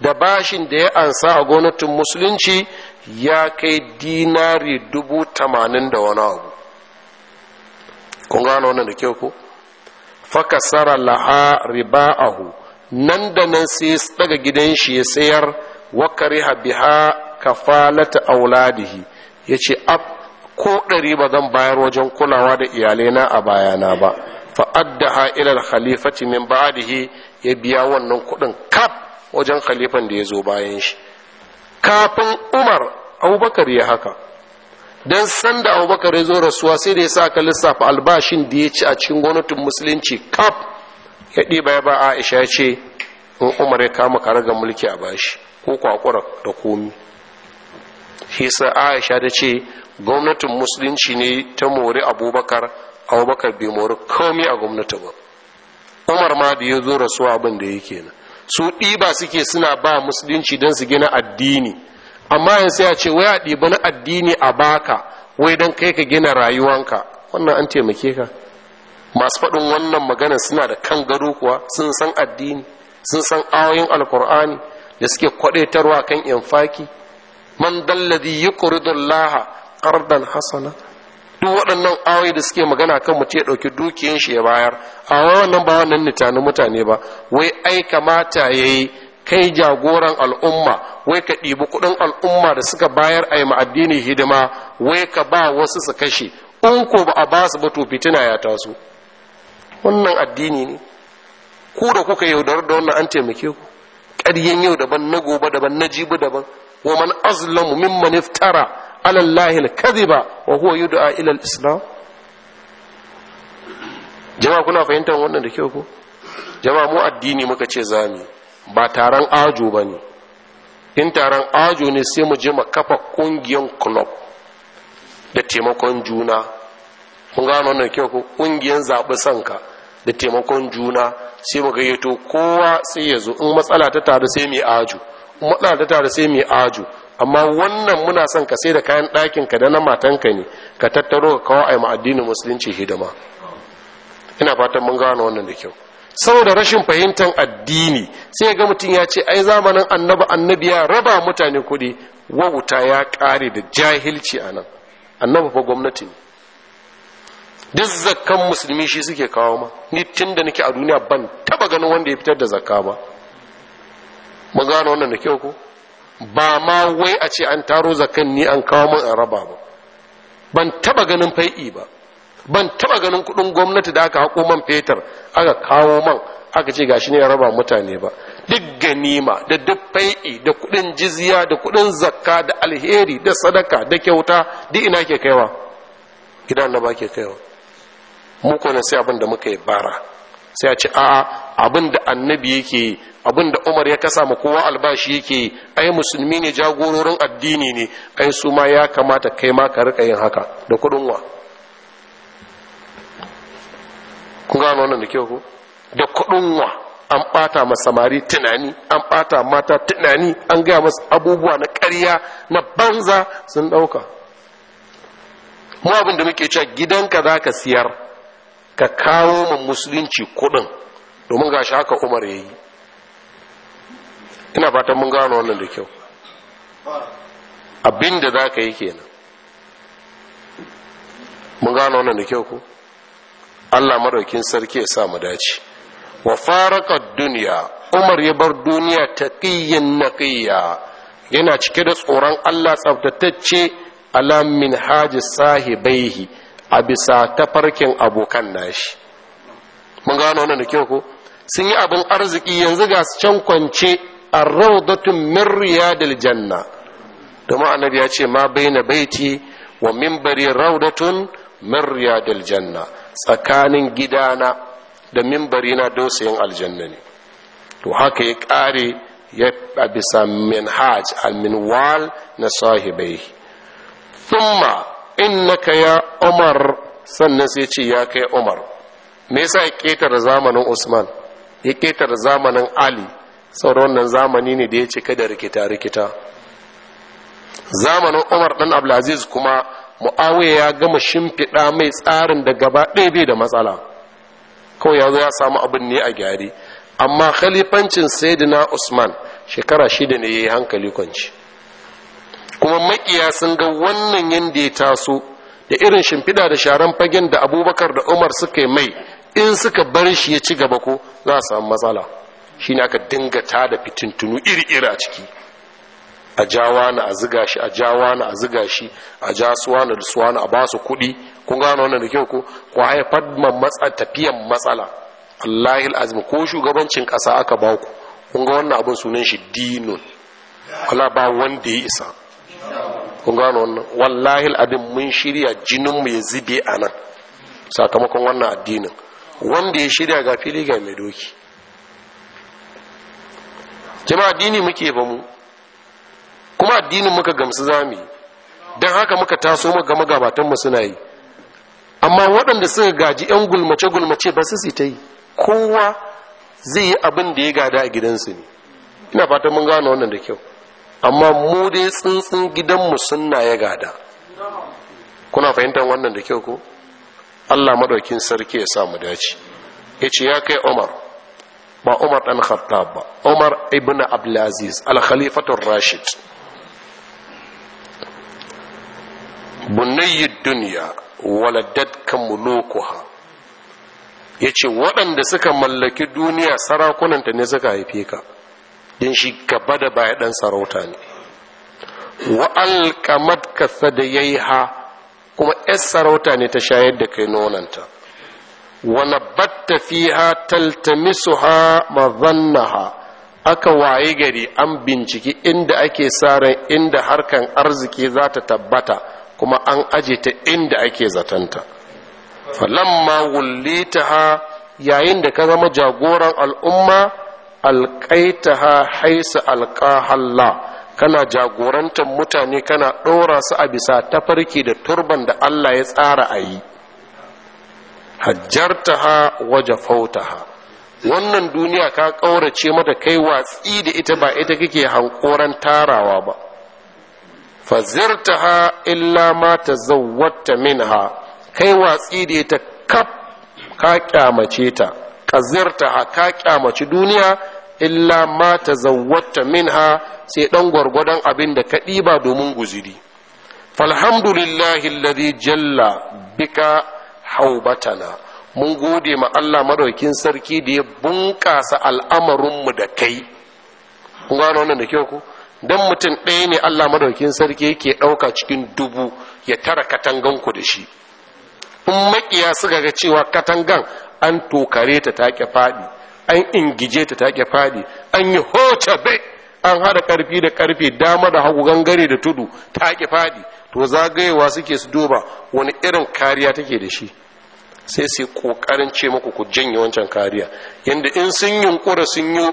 da bashin da ya ansa a gwamnatin musulunci ya kai dinari dubu tamanin da wani abu kun gano wannan da kyau ko fakasara laha riba'ahu nan da nan sai daga gidan shi ya sayar wa kariha biha kafalata auladihi yace ab ko ɗari ba zan bayar wajen kulawa da iyalaina a bayana ba fa'addaha ila khalifati min ba'dihi ya biya wannan kuɗin kaf wajen khalifan da ya zo bayan shi kafin umar abubakar ya haka don sanda abubakar ya zo rasuwa sai da ya sa aka lissafa albashin da ya ci a cikin gwamnatin musulunci kaf ya ɗiba ya ba aisha ya ce in umar ya kama karagar mulki a bashi ko kwakwara da komi shi sa aisha da ce gwamnatin musulunci ne ta mori abubakar abubakar bai mori komi a gwamnati ba umar ma da ya zo rasuwa abin da yake nan su ɗiba suke suna ba musulunci don su gina addini amma yanzu ya ce wai a ɗiba na addini a baka wai don kai ka gina rayuwanka wannan an taimake ka masu faɗin wannan magana suna da kan gado kuwa sun san addini sun san ayoyin alkur'ani da suke kwaɗaitarwa kan infaki man dalladhi yuqridu allaha qardan hasana duk waɗannan ayoyi da suke magana kan mutum ya ɗauki dukiyan shi ya bayar a wannan ba wannan nitanin mutane ba wai ai kamata ya yi kai jagoran al'umma wai ka ɗibi kuɗin al'umma da suka bayar a yi addini hidima wai ka ba wasu su kashe in ko ba a ba su ba to fitina ya taso wannan addini ne ku da kuka yaudar da wannan an taimake ku ƙaryen yau daban na gobe daban na jibi daban wa man azlamu mimman iftara على الله الكذب وهو يدعى الى الاسلام jama'a kuna fahimtar wannan da kyau ko jama'a mu addini muka ce zami ba taron ajo bane in taron ajo ne sai mu je mu kafa kungiyan club da taimakon juna kun gano wannan kyau ko kungiyan zabi sanka da taimakon juna sai mu gayyato kowa sai ya zo in matsala ta taru sai mu ajo matsala ta taru sai mu ajo amma wannan muna son ka sai da kayan ɗakin ka da na matanka ne ka tattaro ka kawo a yi addinin musulunci hidima ina fatan mun gano wannan da kyau saboda rashin fahimtar addini sai ga mutum ya ce ai zamanin annabi annabi ya raba mutane kuɗi wauta ya ƙare da jahilci a nan annabi fa gwamnati ne duk zakkan musulmi shi suke kawo ma ni tun da nake a duniya ban taba ganin wanda ya fitar da zakka ba mun gano wannan da kyau ko ba ma wai a ce an taro zakan ni an kawo min raba ba ban taba ganin fai'i ba ban taba ganin kudin gwamnati da aka hako man fetur aka kawo man aka ce gashi ne raba mutane ba duk ganima da duk fai'i da kudin jizya da kudin zakka da alheri da sadaka da kyauta duk ina ke kaiwa gidan na ba ke kaiwa mu ne sai abin da muka yi bara sai a ce a'a abin da annabi yake yi abin umar ya kasa ma kowa albashi yake yi ai musulmi ne jagororin addini ne ai su ma ya kamata kai ma ka rika yin haka da kudin wa kun gano wannan da kyau ko da kudin wa an bata ma samari tunani an bata mata tunani an gaya masu abubuwa na ƙarya na banza sun ɗauka mu abin da muke cewa gidanka za ka siyar ka kawo ma musulunci kuɗin domin ga shi haka umar ya yi ina fata mun gano wannan da kyau abin da za ka yi kenan mun gano wannan da kyau ku? allah maraukin sarki ya sa mu dace wa faraka duniya umar ya bar duniya ta na naqiya yana cike da tsoron allah tsabtatacce alam min haji sahibaihi a bisa tafarkin abokan nashi mun gano wannan da kyau ku? sun yi abin arziki yanzu ga can kwance ar-rawdatun min riyadil janna domin annabi ya ce ma baina baiti wa minbari raudatun min riyadil janna tsakanin gidana da minbari na dosayin aljanna ne to haka ya kare ya bisa minhaj al wal na sahibai thumma innaka ya umar sannan sai ce ya kai umar me yasa ya ketare zamanin usman ya ketare zamanin ali sauran wannan zamani ne da ya cika da rikita-rikita zamanin umar ɗan abdulaziz kuma Mu'awai ya gama shimfiɗa mai tsarin da gaba ɗaya bai da matsala kawai ya zo ya samu abin ne a gyare amma khalifancin sayyidina usman shekara shida ne ya yi hankali kwanci kuma makiya sun ga wannan yadda ya taso da irin shimfiɗa da sharan fagen da abubakar da umar suka yi mai in suka bar shi ya ci gaba ko za a samu matsala shi ne aka dinga ta da fitintunu iri-iri a ciki a jawa na a ziga shi a jawa na a ziga shi a ja suwana da suwana a ba su kuɗi kun gano wannan da kyau ko ku haifar fadman matsa tafiyan matsala allahil azmi ko shugabancin ƙasa aka ba ku kun ga wannan abin sunan shi dinun wala ba wanda ya isa kun gano wannan wallahil abin mun shirya jinin mu ya zube a nan sakamakon wannan addinin wanda ya shirya ga fili ga mai doki jama'a addini muke ba mu kuma addinin muka gamsu zami don haka muka taso muka gabatanmu suna yi amma waɗanda suka gaji 'yan gulmace-gulmace ba su ta yi kowa zai yi abin da ya gada a gidansu ne ina fatan mun gano wannan da kyau amma mu dai tsuntsun gidanmu suna ya gada kuna fahimtar wannan da kyau ko allah maɗaukin sarki ya samu dace ya ce ya kai Omar. ba umar dan khattab ba umar ibn abdulaziz al khalifatu rashid bunayi duniya waladat kamulukuha ya ce waɗanda suka mallaki duniya ta ne suka haife ka din shi gaba da baya ɗan sarauta ne wa alqamat ka kuma 'yar sarauta ne ta shayar da kai nonanta walabatta fiha taltamisuha mazannaha aka waye gari an binciki inda ake saran inda harkan arziki za ta tabbata kuma an aje ta inda ake zatanta falamma wullitaha yayin da ka zama jagoran al'umma alƙaitaha haisa alƙahalla kana jagorantar mutane kana ɗora su a bisa tafarki da turban da Allah ya tsara a yi hajjartaha waje fautaha wannan duniya ka ƙaurace mata kai watsi da ita ba ita kake hankoran tarawa ba fazirtaha illa ma ta minha kai watsi da ita kaf ka kyamace ta kazirtaha ka kyamaci duniya illa ma ta minha sai dan gwargwadon abin da ka ɗiba domin guziri falhamdulillahi alladhi jalla bika haubatana mun gode ma Allah madaukin sarki da ya bunƙasa al'amarinmu da kai kun gano wannan da kyau ku dan mutum ɗaya ne Allah madaukin sarki yake ɗauka cikin dubu ya tara katangan ku da shi in makiya suka ga cewa katangan an tokare ta take faɗi an ingije ta take faɗi an yi hoce bai an hada karfi da karfe dama da hagu gangare da tudu ta ke fadi to zagayewa suke su duba wani irin kariya take da shi sai sai kokarin ce muku ku janye wancan kariya yanda in sun yunƙura sun yi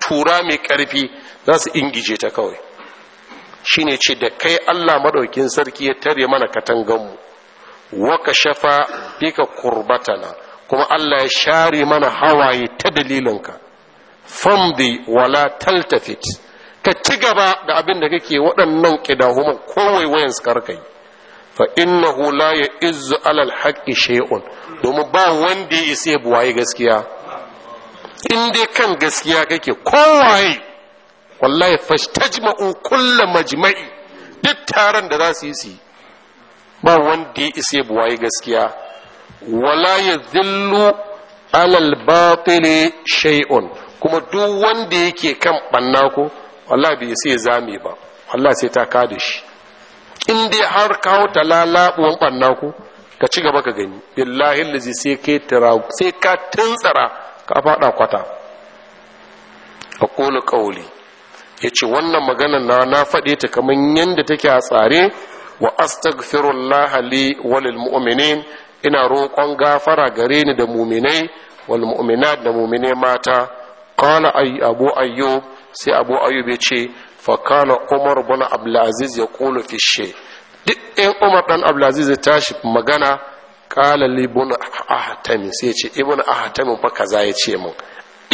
tura mai karfi za su ingije ta kawai shine ce da kai Allah maɗaukin sarki ya tare mana katanganmu waka shafa bika kurbatana kuma Allah ya share mana hawaye ta dalilinka famdi wala taltafit ka ci gaba da abin da kake waɗannan kidahuman kowai wayan karkai fa innahu la ya izu alal haqqi shay'un domin ba wanda ya isa buwaye gaskiya in dai kan gaskiya kake kowaye wallahi fashtajma'u kullu majma'i duk taron da za su yi su ba wanda ya isa buwaye gaskiya wala ya zillu alal batili shay'un kuma duk wanda yake kan banna ko Allah bai sai zame ba Allah sai ta kada shi in dai har kawo ta lalabuwan banna ko ka ci gaba ka gani billahi allazi sai kai tira sai ka tantsara ka fada kwata aqulu qawli yace wannan magana na na fade ta kaman yanda take a tsare wa astaghfirullah li walil mu'minin ina roƙon gafara gare ni da muminai wal mu'minat da muminai mata qala ay abu ayyub sai abu ayyub ya ce fa kana umar bin abdulaziz ya qulu fi shi duk yan umar dan abdulaziz ya tashi magana kala li bin ahatami sai ya ce ibn ahtami fa kaza ya ce min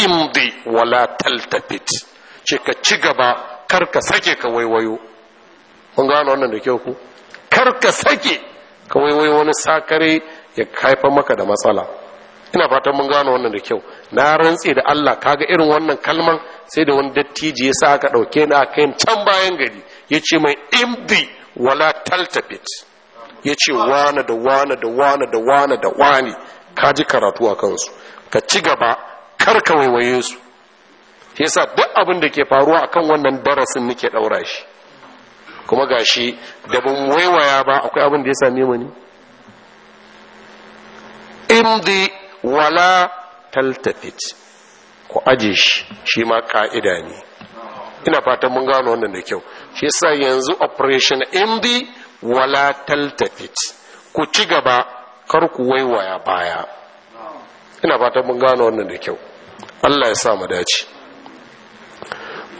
imdi wala taltafit ce ka ci gaba kar ka sake ka waiwayo kun gano wannan da kyau ku kar ka sake ka waiwayo wani sakare ya haifar maka da matsala ina fatan mun gano wannan da kyau na rantse da Allah kaga irin wannan kalman sai da wani dattiji ya sa aka dauke ni aka yin can bayan gari yace mai imdi wala taltabit ya ce da wana da wana da wana da wani ka ji karatu a kansu ka ci gaba kar ka waiwaye su yasa duk abin da ke faruwa akan wannan darasin nake daura shi kuma gashi da ban waiwaya ba akwai abin da ya same mu ne imdi wala taltafit ku aje shi shi ma ka'ida ne ina fatan mun gano wannan da kyau shi yasa yanzu operation mb wala taltafit ku ci gaba kar ku waiwaya baya ina fatan mun gano wannan da kyau Allah ya sa mu dace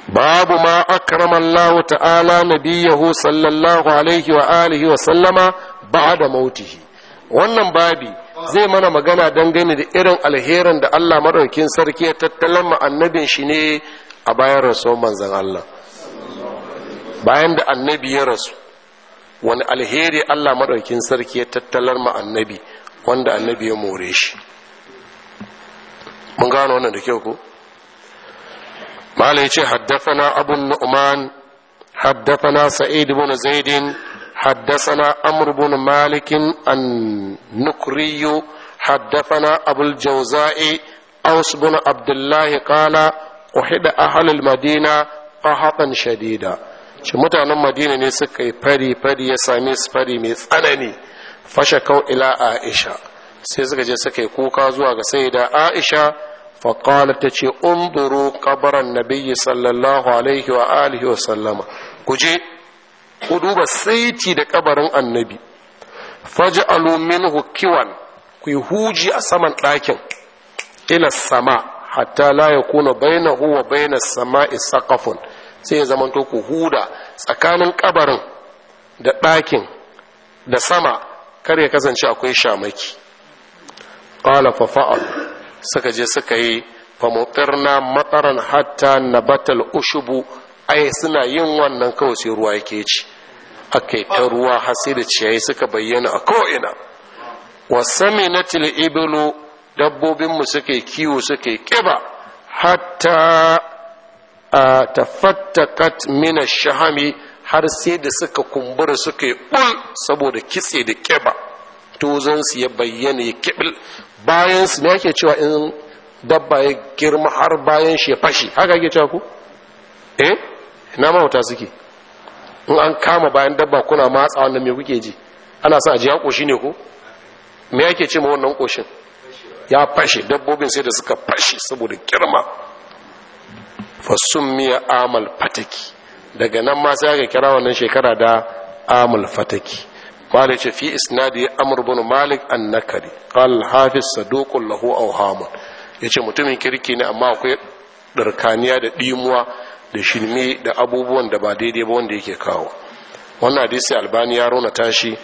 babu ma akrama Allah ta'ala nabiyahu sallallahu alaihi wa alihi wa sallama ba'da mautihi wannan babi zai mana magana dangane da irin alherin da Allah maɗaukin sarki ya tattalin annabin shi ne a bayan rasu manzan Allah bayan da annabi ya rasu wani alheri Allah maɗaukin sarki ya tattalin annabi wanda annabi ya more shi mun gano wannan da kyau ko mala yace haddathana abun nu'man haddathana sa'id ibn Zaidin. حدثنا عمرو بن مالك النكري حدثنا أبو الجوزاء أوس بن عبد الله قال أحد أهل المدينة قهطا شديدا mutanen madina ne suka yi fari fari ya same su fari mai tsanani fashe kau ila aisha sai suka je suka yi kuka zuwa ga saida aisha faƙala ta ce unduru kabaran nabiyyi sallallahu alaihi wa alihi wa sallama ku je ku duba saiti da kabarin annabi faj'alu minhu kiwan ku huji a saman ɗakin ila sama hatta la yakuna bainahu wa bainas sama'i saqafun sai ya zamanto ku huda tsakanin kabarin da ɗakin da sama kar ya kasance akwai shamaki qala fa fa'al suka je suka yi fa mataran hatta nabatal ushubu ai suna yin wannan kawai sai ruwa yake ci aka yi ta ruwa har da ciyayi suka bayyana a ko'ina wasami na ibilu dabbobinmu suka yi kiwo suka yi ƙiba hatta a tafattakat mina shahami har sai da suka kumbura suka yi saboda kitse da ƙiba tozonsu ya bayyana ya kibil bayan su ne ake cewa in dabba ya girma har bayan shi ya fashi haka ake cewa ku eh na mawata suke in an kama bayan dabba kuna matsa wannan me kuke ji ana sa ji ya koshi ne ko me yake ce ma wannan koshin ya fashe dabbobin sai da suka fashe saboda kirma fasummiya amal fataki daga nan ma sai aka kira wannan shekara da amal fataki قال isnadi إسناد أمر Malik Annakari, النكري قال الحافظ lahu له ya yace mutumin kirki ne amma akwai ɗarkaniya da ɗimuwa da shirme da abubuwan da ba daidai ba wanda yake kawo wannan hadisi albani ya rona tashi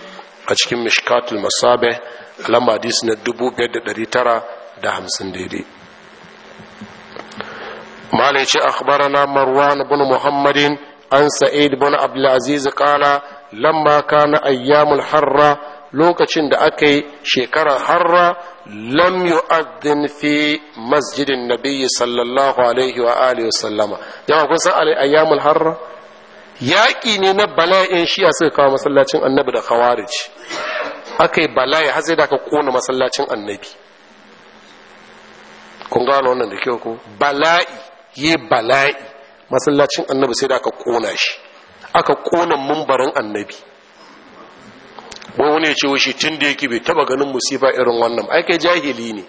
a cikin mishkatul masabe lamba hadisi na hamsin daidai malai na akhbarana marwan bin muhammadin an sa'id bin abdulaziz qala lamma kana ayyamul harra lokacin da aka yi shekarar harra lam yu'adhdhin fi masjidin Nabiyyu sallallahu alaihi wa alihi sallama jama'a kun san ayyamul harra yaƙi ne na bala'in shi'a suka kawo masallacin annabi da khawarij aka yi bala'i har sai da aka kona masallacin annabi kun gano wannan da kyau ko bala'i ye bala'i masallacin annabi sai da aka ƙona shi aka kona mumbarin annabi wai wani ya ce shi tun da yake bai taba ganin musifa irin wannan ai kai jahili ne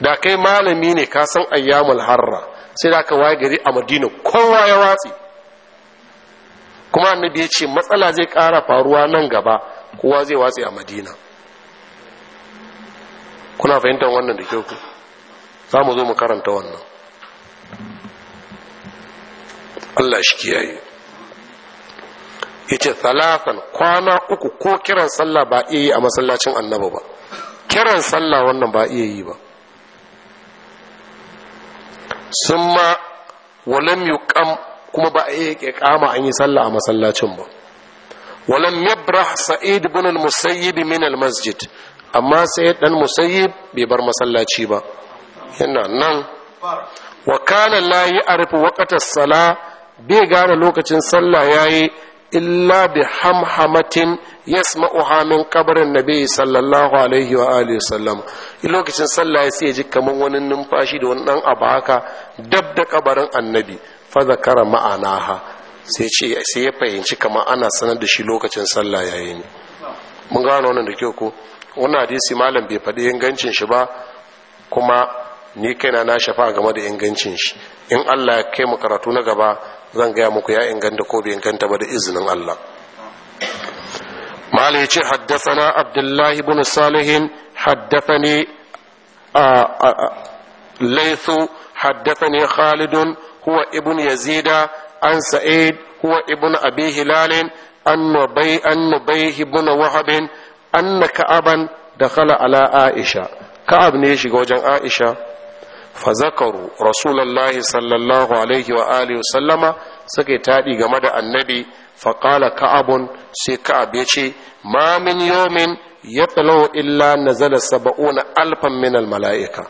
da kai malami ne ka san ayyamul harra sai da ka waye gari a madina kowa ya watsi kuma annabi ya ce matsala zai kara faruwa nan gaba kowa zai watsi a madina kuna fahimtar wannan da kyau za mu zo mu karanta wannan Allah shi kiyaye yace salasan kwana uku ko kiran sallah ba iya yi a masallacin annaba ba kiran sallah wannan ba iya yi ba summa walam yuqam kuma ba iya ke kama an yi sallah a masallacin ba walam yabrah sa'id ibn al-musayyib min al-masjid amma sai dan musayyib bai bar masallaci ba yana nan wa kana la ya'rifu waqta as-salah bai gane lokacin sallah yayi illa bihamhamatin hamhamatin yasma'uha kabarin qabrin nabi sallallahu alaihi wa alihi sallam lokacin sallah sai ji kaman wani numfashi da wani dan abu haka dab da kabarin annabi fa zakara ma'anaha sai ya fahimci kamar ana sanar da shi lokacin sallah yayi ne mun gano wannan da kyau ko wannan hadisi malam bai faɗi ingancin shi ba kuma ni kaina na shafa game da ingancin shi in Allah ya kai mu karatu na gaba zan gaya muku ya inganta ko bai inganta ba da izinin Allah mala ya ce haddasana abdullahi bin salihin haddasani laithu haddasani khalidun huwa ibn yazida an sa'id huwa ibn abi hilalin an nubai an nubai ibn wahabin anna ka'aban dakhala ala aisha ka'ab ne shiga wajen aisha fazakaru rasulallahi sallallahu alaihi wa alihi sallama suka taɗi game da annabi faƙala ka'abun sai ka'ab ya ce ma min yomin ya illa nazala saba'una alfan min mala'ika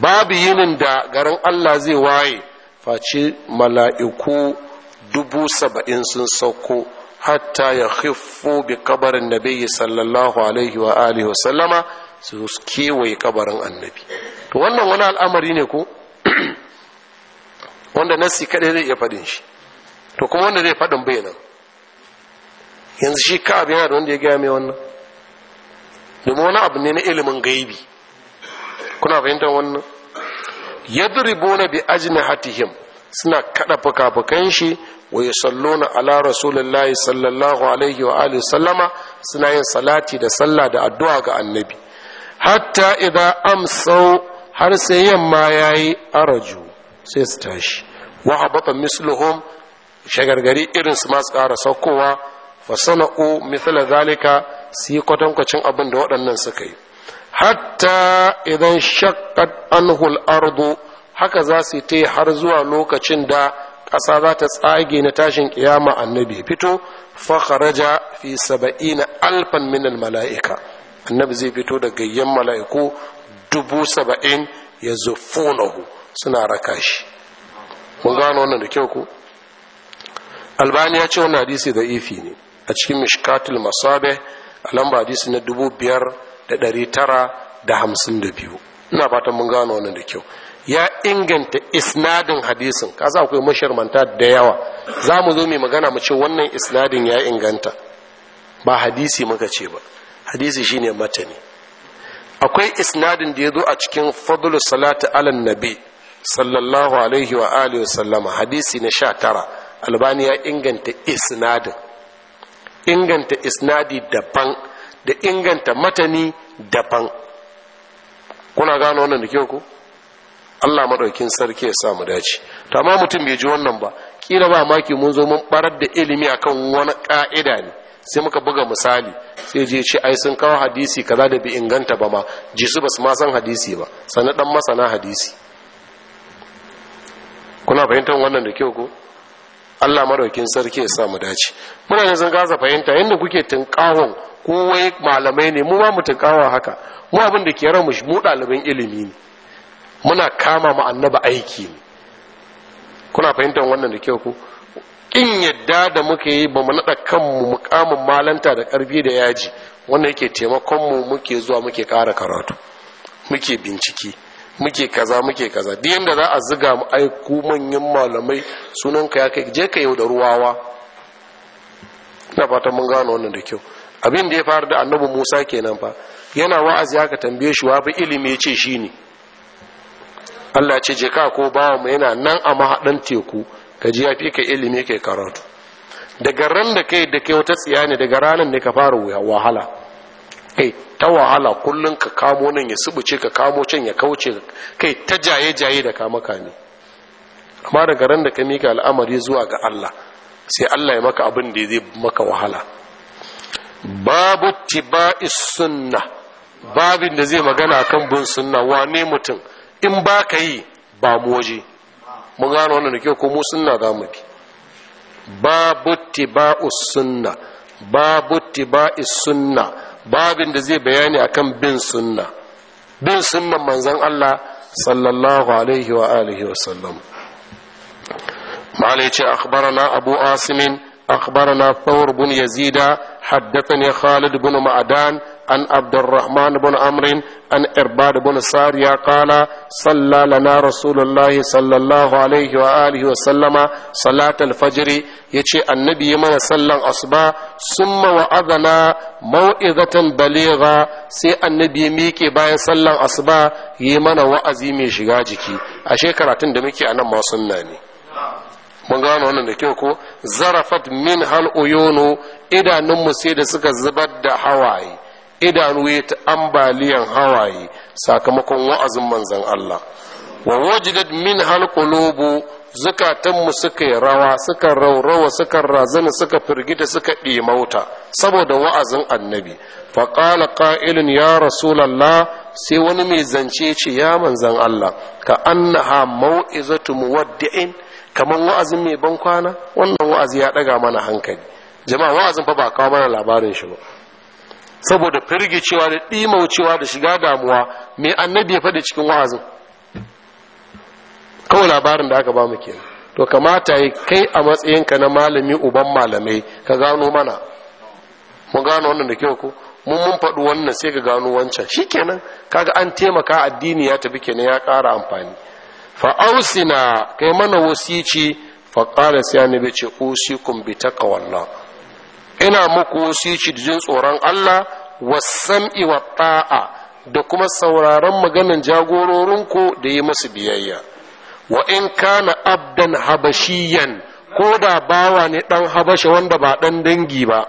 babu yinin da garin Allah zai waye face mala'iku dubu saba'in sun sauko hatta ya khiffo bi kabarin nabiyyi sallallahu alaihi wa alihi sallama su kewaye kabarin annabi to wannan wani al'amari ne ko wanda nassi kadai zai iya faɗin shi to kuma wanda zai faɗin bai nan yanzu shi ka yana da wanda ya gaya mai wannan domin wani abu ne na ilimin gaibi kuna fahimtar wannan na bi hatihim suna kada fuka-fukan shi wa na ala rasulillahi sallallahu alaihi wa alihi sallama suna yin salati da sallah da addu'a ga annabi hatta idan amsau har sai yamma ya yi araju sai su tashi wa habata misluhum shagargari irin su masu ƙara saukowa fa sana'u mithla zalika su yi kwatankwacin abin da waɗannan suka yi hatta idan shakkat anhul ardu haka za su yi har zuwa lokacin da ƙasa za ta tsage na tashin kiyama annabi fito fa kharaja fi saba'ina alfan min mala'ika annabi zai fito da gayyan mala'iku dubu saba'in ya zufunahu suna raka shi mun gano wannan da kyau ku albani ya ce wannan hadisi da ifi ne a cikin mishkatul masabe a lamba hadisi na dubu biyar da ɗari tara da hamsin da biyu ina fatan mun gano wannan da kyau ya inganta isnadin hadisin ka kasa akwai masharmanta da yawa za mu zo mai magana mu ce wannan isnadin ya inganta ba hadisi muka ce ba hadisi shine matani akwai isnadin da ya zo a cikin fadlu salatu ala nabi sallallahu alaihi wa alihi sallama hadisi na sha tara albani ya inganta isnadin inganta isnadi daban da inganta matani daban kuna gano wannan da kyau ku Allah maɗaukin sarki ya samu dace to amma mutum bai ji wannan ba kila ba maki mun zo mun barar da ilimi akan wani ka'ida ne sai muka buga misali sai je ce ai sun kawo hadisi kaza da bi inganta ba ma ji su ba ma san hadisi ba sannan dan masana hadisi kuna fahimtar wannan da kyau ko Allah madaukin sarki ya sa mu dace muna ne sun gaza fahimta yadda kuke tunkawon kowai malamai ne mu ma mu tunkawa haka mu abin da ke ran mu mu ɗaliban ilimi ne muna kama mu annaba aiki ne kuna fahimtar wannan da kyau ko Kin yadda da muka yi ba mu naɗa kanmu mukamin malanta da karfi da yaji wanda yake taimakon taimakonmu muke zuwa muke ƙara karatu muke bincike muke kaza muke kaza duk yanda za a ziga mu aiku manyan malamai sunanka ya kai je ka yau da ruwawa ina fatan mun gano wannan da kyau abin da ya faru da annabi musa kenan fa yana wa'azi aka tambaye shi wa bi ilimi yace shine shi ne allah ce je ka ko bawa mu yana nan a mahaɗan teku ka ji ya fi ka ilimi kai karatu daga ran da kai da kai wata tsiya ne daga ranar ne ka fara wahala kai ta wahala kullum ka kamo nan ya subuce ka kamo can ya kauce kai ta jaye jaye da kamaka ne. amma daga ran da ka mika al'amari zuwa ga Allah sai Allah ya maka abin da zai maka wahala babu tiba'is sunna babin da zai magana kan bin sunna wane mutum in ba ka yi ba mu waje mun gano wannan da kyau ko mu sunna za mu bi babu sunna babu tiba'is sunna babin da zai bayani akan bin sunna bin sunnan manzon Allah sallallahu alaihi wa alihi wa sallam malai ce akhbarana abu asimin أخبرنا ثور بن يزيد حدثني خالد بن معدان عن عبد الرحمن بن عمرو عن إرباد بن سارية قال صلى لنا رسول الله صلى الله عليه وآله وسلم صلاة الفجر يشي النبي من صلى أصبا ثم وأذنا موئذة بليغة سي النبي ميكي باين صلى أصبا يمن وأزيمي شغاجكي أشيكرا تندمكي أنا ما صناني mun gano wannan da kyau ko zarafat min hal uyunu idanunmu sai da suka zubar da hawaye idanu ya ta ambaliyan hawaye sakamakon wa'azin manzan Allah wa wajidat min hal qulubu zukatanmu suka yi rawa suka raurawa suka razana suka firgita suka mauta saboda wa'azin annabi faƙala qa'ilun ya rasulullah sai wani mai zance ce ya manzan Allah ka annaha mau'izatu muwaddi'in kamar wa'azin mai ban kwana wannan wa'azi ya ɗaga mana hankali jama'a wa'azin fa ba kawo mana labarin shi ba saboda firgicewa da ɗimaucewa da shiga damuwa mai annabi ya faɗi cikin wa'azin kawo labarin da aka ba mu kenan to kamata yi kai a matsayinka na malami uban malamai ka gano mana mu gano wannan da kyau ko mun mun faɗi wannan sai ka gano wancan shi kenan, kaga an taimaka addini ya tafi kenan ya ƙara amfani fa'ausina kai mana wasici faƙala sai annabi ce usikum bi taqwallah ina muku wasici da jin tsoron Allah wasam'i wa ta'a da kuma sauraron maganan jagororinku da yi musu biyayya wa in kana abdan habashiyan ko da bawa ne dan habasha wanda ba dan dangi ba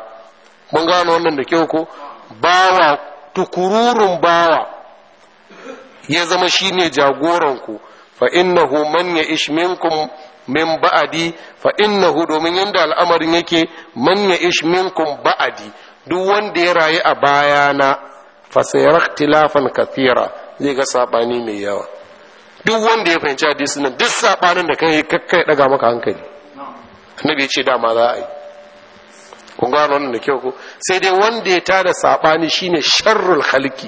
mun gano wannan da kyau ko bawa tukururun bawa ya zama shine jagoranku fa innahu man ya ish minkum min ba'adi fa innahu domin yanda al'amarin yake man ya ish minkum ba'adi duk wanda ya rayu a baya na fa sayraktilafan kathira zai ga sabani mai yawa duk wanda ya fahimci hadisin nan duk sabanin da kai kakkai daga maka hankali annabi ya ce dama za a yi kun gano wannan da kyau ko sai dai wanda ya tada sabani shine sharrul khalqi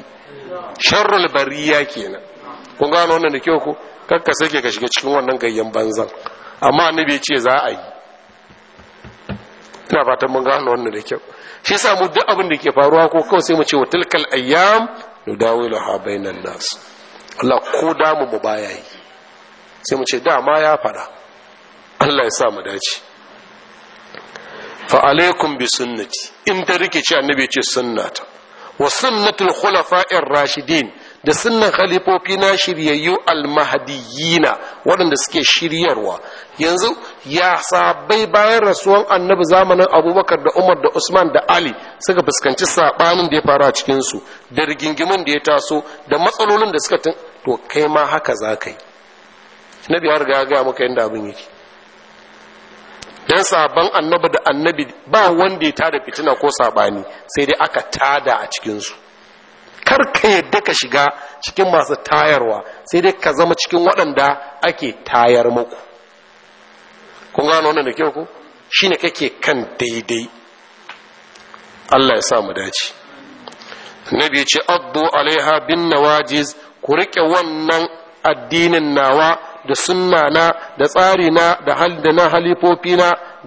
sharrul bariya kenan kun gano wannan da kyau ko kakka sake ka shiga cikin wannan gayyan banzan amma bai ce za a yi ina fatan mun gano wannan da kyau shi yasa mu duk abin da ke faruwa ko kawai sai mu ce wa tilkal ayyam ha bainan nas Allah ko da mu mu baya yi sai mu ce dama ya fada Allah ya sa mu dace fa alaikum bi sunnati in ta rikici annabi ce sunnata wa sunnatul khulafa'ir rashidin da sunan khalifofi na shiryayyu almahdiyina waɗanda suke shiryarwa yanzu ya sabai bayan rasuwan annabi zamanin abubakar da umar da usman da ali suka fuskanci saɓanin da ya faru a cikinsu da rigingimin da ya taso da matsalolin da suka tun to kai ma haka za ka yi nabi ya riga gaya maka yadda abin yake dan saban annabi da annabi ba wanda ya tada fitina ko saɓani sai dai aka tada a cikinsu kar ka yadda ka shiga cikin masu tayarwa sai dai ka zama cikin waɗanda ake tayar muku kun gano wannan da kyau ku ne kake kan daidai Allah ya sa mu dace annabi ya ce abu alaiha bin nawajiz ku rike wannan addinin nawa da sunna na da tsarina na da hal da na halifofi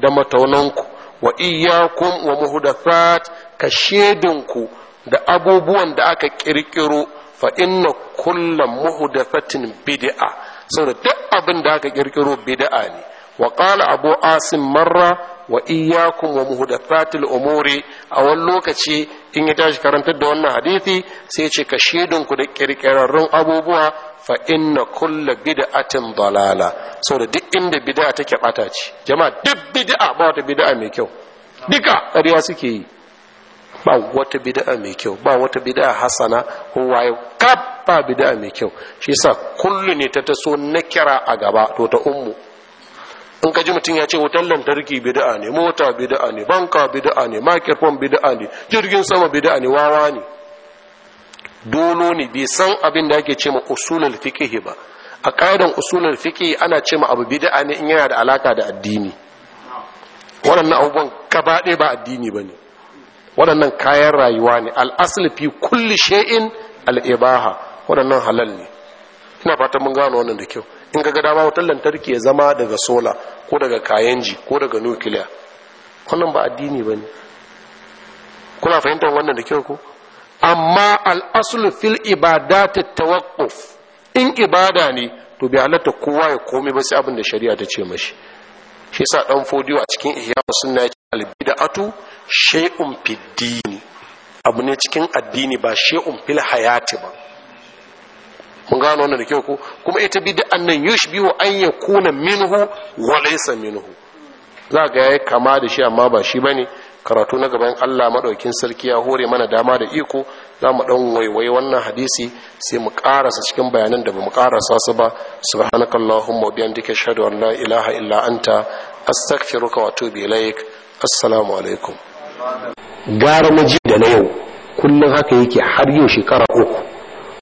da mataunanku wa iyakun wa muhdathat ka shedinku da abubuwan da aka ƙirƙiro fa inna kullum muhdathatin bid'a saboda duk abin da aka ƙirƙiro bid'a ne wa qala abu asim marra wa iyyakum wa muhdathatil umuri a wani lokaci in ya tashi karantar da wannan hadisi sai ce ka shedin ku da kirkirarrun abubuwa fa inna kulla bid'atin dalala saboda duk inda bid'a take ɓata ce jama'a duk bid'a ba wata bid'a mai kyau duka ƙarya suke yi ba wata bid'a mai kyau ba wata bida'a hasana ko waye kaf ba bid'a mai kyau shi yasa kullu ne ta taso nakira a gaba to ta ummu in ka ji mutum ya ce wutar lantarki bida'a ne mota bid'a ne banka bid'a ne microphone bid'a ne jirgin sama bid'a ne wawa ne dolo ne bai san abin da ake ce ma usulul fiqh ba a kaidan usulul fiqh ana ce abu bida'a ne in yana da alaka da addini waɗannan abubuwan ka ba addini ba ne waɗannan kayan rayuwa ne al'asli fi kulli she'in al'ibaha waɗannan halal ne ina fatan mun gano wannan da kyau in ga dama wutar lantarki ya zama daga sola ko daga kayanji ko daga nukiliya wannan ba addini ba ne kuna fahimtar wannan da kyau ko amma al'asulu fil ta tawakuf in ibada ne to bai halatta kowa ya komi ba sai abin da shari'a ta ce mashi shi yasa dan fodiyo a cikin ihya sunna yake albid'atu shay'un fid abu ne cikin addini ba shay'un fil hayati ba mun gano wannan da kyau ko kuma ita bid'an nan yushbihu an yakuna minhu wa laysa minhu za ga yayi kama da shi amma ba shi bane karatu na gaban Allah madaukin sarki ya hore mana dama da iko za mu dan waiwai wannan hadisi sai mu karasa cikin bayanan da bamu karasa su ba subhanakallahumma wa bihamdika ashhadu an la ilaha illa anta astaghfiruka wa atubu ilaik assalamu alaikum gara mu da na yau kullum haka yake har yau shekara uku